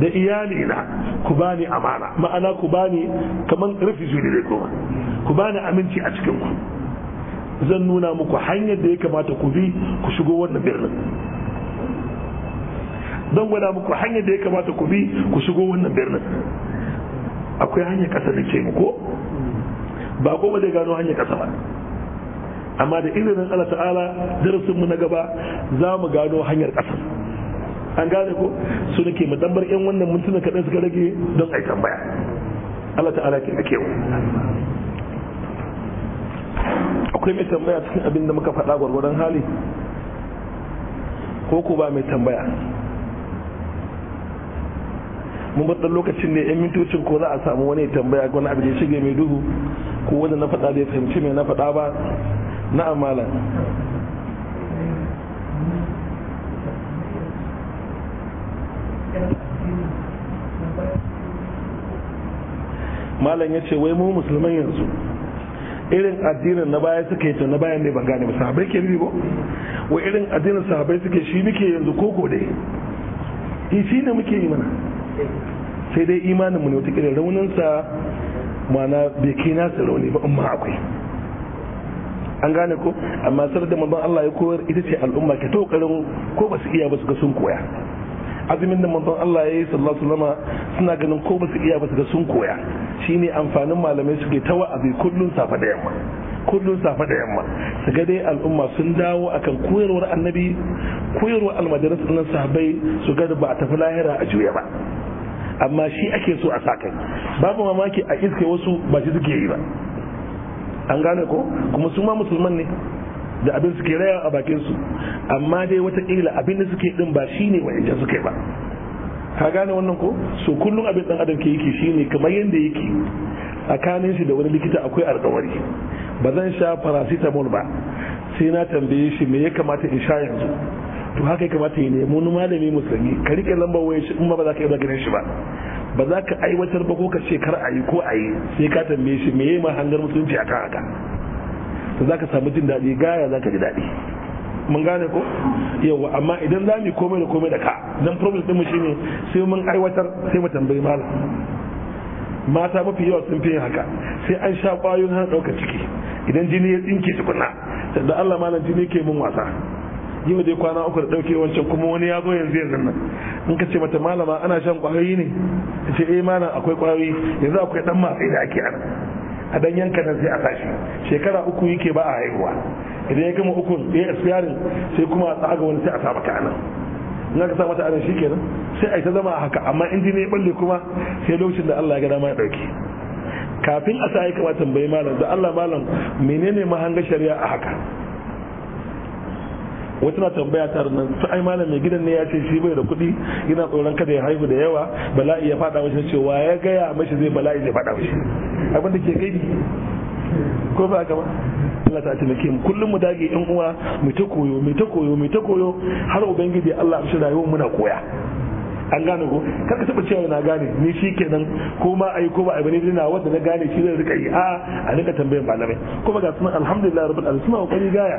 da iyalina ku bani amana ma'ana ku bani kaman rufi zuri da goma ku bani aminci a cikin ku zan nuna muku hanyar da ya kamata ku bi ku shigo wannan birnin zan gwada muku hanyar da ya kamata ku bi ku shigo wannan birnin akwai hanyar kasa da ke ko ba goma da gano hanyar kasa ba amma da izinin Allah ta'ala darasinmu na gaba za mu gano hanyar kasa an gane ko su nake mu dambar yan wannan mutuna kaɗan suka rage don yi tambaya Allah ta'ala ke da kewa akwai mai tambaya cikin abin da muka faɗa gwargwadon hali ko ko ba mai tambaya mun bar lokacin ne yan mintocin ko za a samu wani tambaya wani abu da ya shige mai duhu ko wanda na faɗa da ya fahimci mai na faɗa ba na amala malam ya ce wai mu musulman yanzu irin addinin na baya suke to na bayan ne ban gane ba sahabai ke nufi ba wai irin addinin sahabai suke shi muke yanzu koko dai eh, shi ne muke imana mana sai dai imanin mu ne wata kira rauninsa mana bai kai nasa rauni ba amma akwai an gane ko amma sarar da mabban Allah ya koyar ita ce al'umma ke to ko ba su iya ba su ga sun koya azumin da manzon Allah ya yi sallallahu alaihi wasallam suna ganin ko basu iya ba su ga sun koya shine amfanin malamai suke ta wa'azi kullun safa da yamma kullun safa da yamma su ga dai al'umma sun dawo akan koyarwar annabi koyarwar almajiras nan sahabbai su ga ba a tafi lahira a juya ba amma shi ake so a sa babu mamaki a iske wasu ba shi suke yi ba an gane ko kuma su ma musulman ne da abin suke raya a bakin su amma dai watakila abin da suke din ba shine wa'anda suke ba ka gane wannan ko so kullum abin dan adam ke yake shine kamar yanda yake tsakanin shi da wani likita akwai alkawari ba zan sha paracetamol ba sai na tambaye shi me ya kamata in sha yanzu to haka ya kamata ya nemo wani malami musulmi ka rike lambar waya shi in ba za ka yi ganin shi ba ba za ka aiwatar ba ko ka ce kar a yi ko a yi sai ka tambaye shi me ya yi ma hangar musulunci akan haka za ka samu jin daɗi gaya zaka ji daɗi mun gane ko yawa amma idan za mu komai da komai da ka dan problem din mu shine sai mun aiwatar sai mu tambayi malam mata mafi yawa sun fi haka sai an sha kwayoyin hana ɗaukar ciki idan jini ya tsinke kunna da Allah malam jini ke mun wasa yau dai kwana uku da ɗauke wancan kuma wani ya zo yanzu yanzu nan in ka ce mata malama ana shan kwayoyi ne ce eh malam akwai kwayoyi yanzu akwai dan matsayi da ake ana a dan yanka nan sai a sashi shekara uku yake ba a haihuwa idan ya gama ukun ya expiring sai kuma a tsaga wani sai a sa maka anan in aka sa mata anan kenan sai a yi ta zama a haka amma in ne balle kuma sai lokacin da Allah ya ga dama ya dauke kafin a sa ya kamata tambayi malam da Allah malam menene mahanga shari'a a haka wata na tambaya ta nan ta ai malam mai gidan ne ya ce shi bai da kuɗi yana tsoron kada ya haihu da yawa bala'i ya faɗa mashi wa ya gaya mashi zai bala'i zai faɗa mashi abin da ke kai ko ba ka ba Allah ta taimake mu kullum mu dage yan uwa mu ta koyo mu ta koyo mu ta koyo har ubangiji Allah shi rayuwar muna koya an gane ko kar taba cewa na gane ni shi kenan ko ma ai ko ba ai bane na wanda na gane shi zai rika yi a a rika tambayar malamai kuma ga sunan alhamdulillah rabbil alamin suna kokari gaya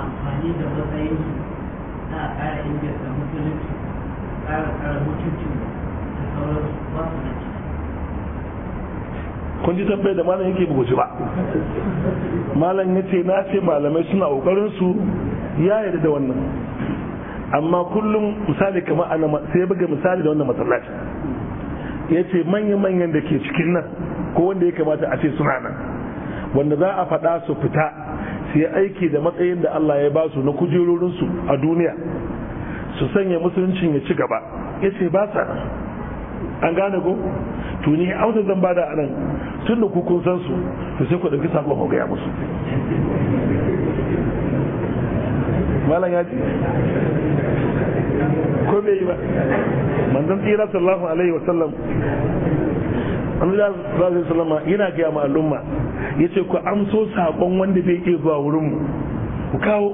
amfani da na ƙara ƙara da kun ji tabbai da malam yake buguji ba malam ya ce na ce malamai suna ƙoƙarin su ya yarda da wannan amma kullum misali kamar ana sai buga misali da wannan masallaci ya ce manya-manyan da ke cikin nan ko wanda ya kamata a ce suna nan wanda za a faɗa su fita su yi aiki da matsayin da Allah ya ba su na kujerorinsu a duniya su sanya musuluncin ya ci gaba ya ce ba sa an gane ko to ni auta zan bada a nan tun da kun san su to sai ku ɗauki sabon hogaya musu malam ya ce ko bai yi ba manzan tsira sallahu alaihi wasallam annabi sallallahu alaihi salama yana ga ma'alumma Ya ce ku amso sakon wanda bai iya zuwa wurin mu ku kawo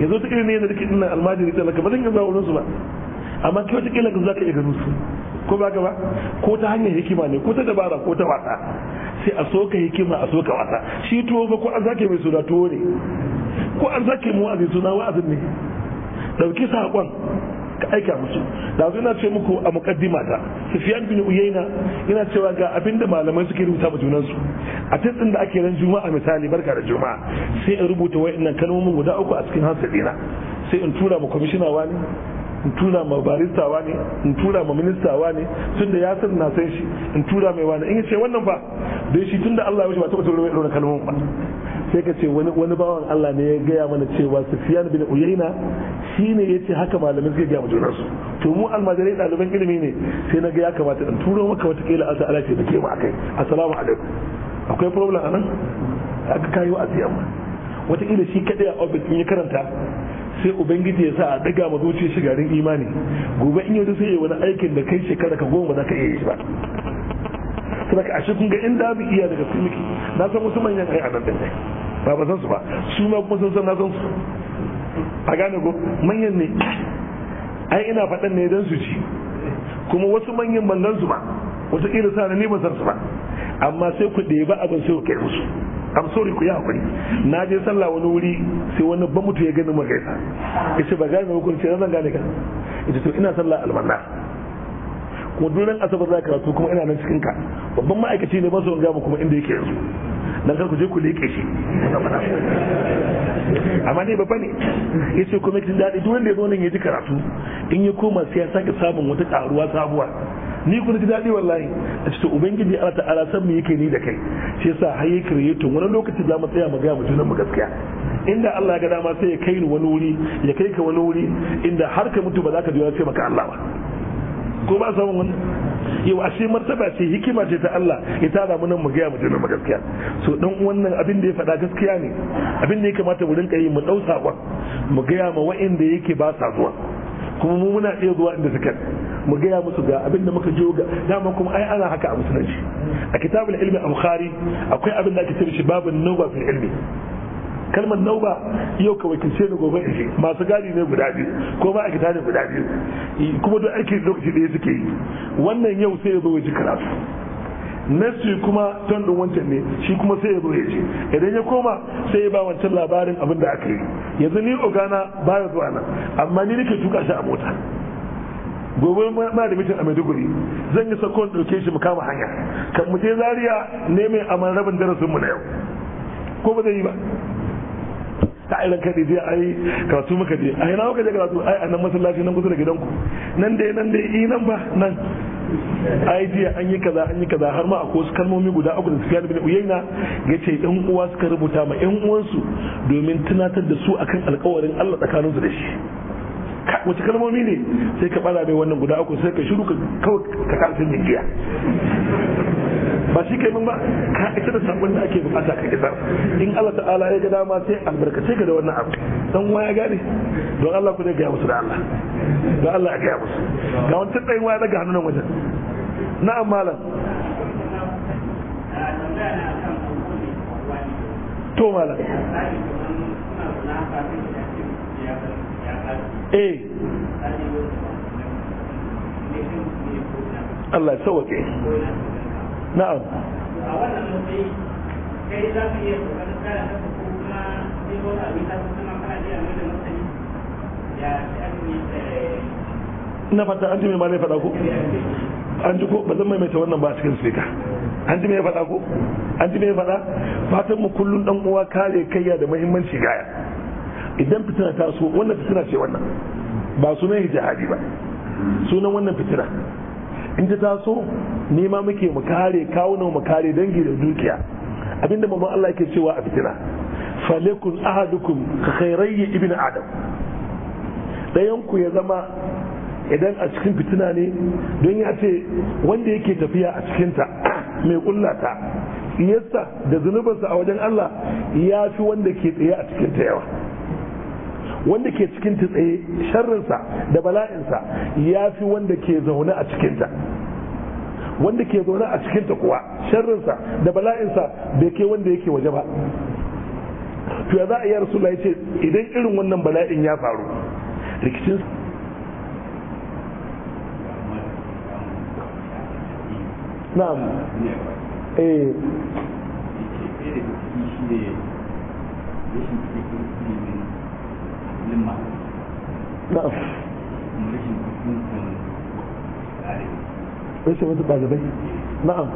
yanzu ta irin yadda kake dinnan almajiri talaka ba zan iya zuwa wurin su ba amma kai wata kila za ka iya ganin su ko ba ba ko ta hanyar hikima ne ko ta dabara ko ta wasa sai a so ka hikima a so ka wasa shi tuwo ba ko an zake mai suna tuwo ne ko an zake mu zai suna wa'azin ne dauki sakon aka aika musu da zuwa ce muku a mukaddima ta sufiyan bin uyaina yana cewa ga abinda malamai suke rubuta ma junansu a tsitsin da ake ran juma'a misali barka da juma'a sai in rubuta wayannan kalmomin guda uku a cikin hansa dina sai in tura ma kwamishina wani in tura ma barista wani in tura ma minista wani tunda ya san na san shi in tura mai wani in ce wannan fa dai shi tunda Allah ya wuce ba ta rubuta kalmomin ba sai ka ce wani wani bawan Allah ne ya gaya mana cewa Sufyan bin Uyayna shine yace haka malamin suke gaya junan su to mu almajirai ɗaliban ilimi ne sai na ga ya kamata in turo maka wata kila Allah ala ce da ke ma'akai assalamu alaikum akwai problem nan aka kayo a amma wata kila shi kadai a ofis in ya karanta sai ubangiji ya sa a daga ma zuciya shi garin imani gobe in yau sai wani aikin da kai shekara ka goma za ka iya yi ba ka ashe kun ga in da bi iya daga su miki na san wasu manyan kai a nan din ba ba san su ba su ma kuma san na san su a gane ko manyan ne ai ina faɗan ne don su ci kuma wasu manyan ban gan su ba wata irin sa ne ba san su ba amma sai ku ba abin sai ku kai musu am sorry ku yi hakuri na je sallah wani wuri sai wani ba mutu ya gani mu ya ce ba gane ba ku ce zan gane ka ita to ina sallah almanna kuma duran asabar za karatu kuma ina nan cikin ka babban ma'aikaci ne ba su gaba kuma inda yake yanzu dan kar ku je ku leke shi amma ne babba ne ya ce kuma kin daɗi duk wanda ya nan ya ji karatu in ya koma sai ya sake samun wata karuwa sabuwa ni kuma ji daɗi wallahi a cikin ubangiji Allah ta'ala san mu yake ni da kai shi yasa har yake rayuwa wani lokaci za mu tsaya mu ga mutunan mu gaskiya inda Allah ya ga dama sai ya kai ni wani wuri ya kai ka wani wuri inda har ka mutu ba za ka biya sai maka Allah ba ko ba samun wani yau ashe martaba ce hikima ce ta Allah ya tara mu nan mu gaya mu jinin ma gaskiya so dan wannan abin da ya faɗa gaskiya ne abin da ya kamata mu rinka yi mu dau sako mu gaya ma wa'inda yake ba sa zuwa kuma mu muna iya zuwa inda suke mu gaya musu ga abin da muka jiyo ga dama kuma ai ana haka a musulunci a kitabul ilmi a bukhari akwai abin da ake cewa shi babu fil ilmi kalmar nauba yau ka wakilce ni gobe masu gadi ne guda biyu ko a aikata ne guda biyu kuma don aiki lokaci ya suke yi wannan yau sai ya zo waje karatu nasu kuma ton ɗin wancan ne shi kuma sai ya zo ce idan ya koma sai ya ba wancan labarin abin da aka yi yanzu ni ogana baya zuwa nan amma ni nake tuka shi a mota gobe ma da mutum a maiduguri zan yi sakon ɗauke shi mu kama hanya kan mu je zaria ne mai aman rabin darasin mu na yau ko ba zai yi ba ta irin kai je ai karatu muka je ai nawa kaje karatu ai a masallaci nan kusa da gidanku nan dai nan dai i eh, nan ba nan ai jiya an yi kaza an yi kaza har ma akwai wasu kalmomi guda uku da Sufyan na, Uyayna yace ɗan uwa suka rubuta ma 'yan uwansu domin tunatar da su akan alƙawarin Allah tsakaninsu da shi wace kalmomi ne sai ka bada mai wannan guda uku sai ka shiru ka kawai ka kasance giya ba shi kai mun ba ka isa da sabon da ake bukata ka isa in Allah ta'ala ya ga dama sai albarkace ka da wannan abu dan uwa ya gane don Allah ku ne ga musu da Allah don Allah ya ga musu ga wancan dan uwa ya daga hannun wajen na'am malam to malam eh Allah ya sauke na'am na fata an ji mai malai fada ku an ji ko ba zan maimaita wannan ba cikin sika an ji mai fada ku an ji mai fada fatan mu kullun dan uwa kare kayya da muhimmanci gaya idan fitina ta so wannan fitina ce wannan ba sunan hijabi ba sunan wannan fitina in ta taso nema muke mu kare kawunan mu kare dangi da dukiya abinda mamman Allah ke cewa a fitina falekun ahadukum khairayya ibn adam dayan ku ya zama idan a cikin fitina ne don ya ce wanda yake tafiya a cikinta (clears throat) mai kullata iyasta da zunubansa a wajen Allah ya fi wanda ke tsaye a cikin ta yawa wanda ke cikin ta tsaye sharrinsa da bala'insa ya fi wanda ke zaune a cikinta wanda ke zaune a cikinta kuwa sharrinsa da bala'insa bai kai wanda yake waje ba to ya za a yi rasulullah ya ce idan irin wannan bala'in ya faru rikicin na'am eh din ma rashin ɗalibai na'am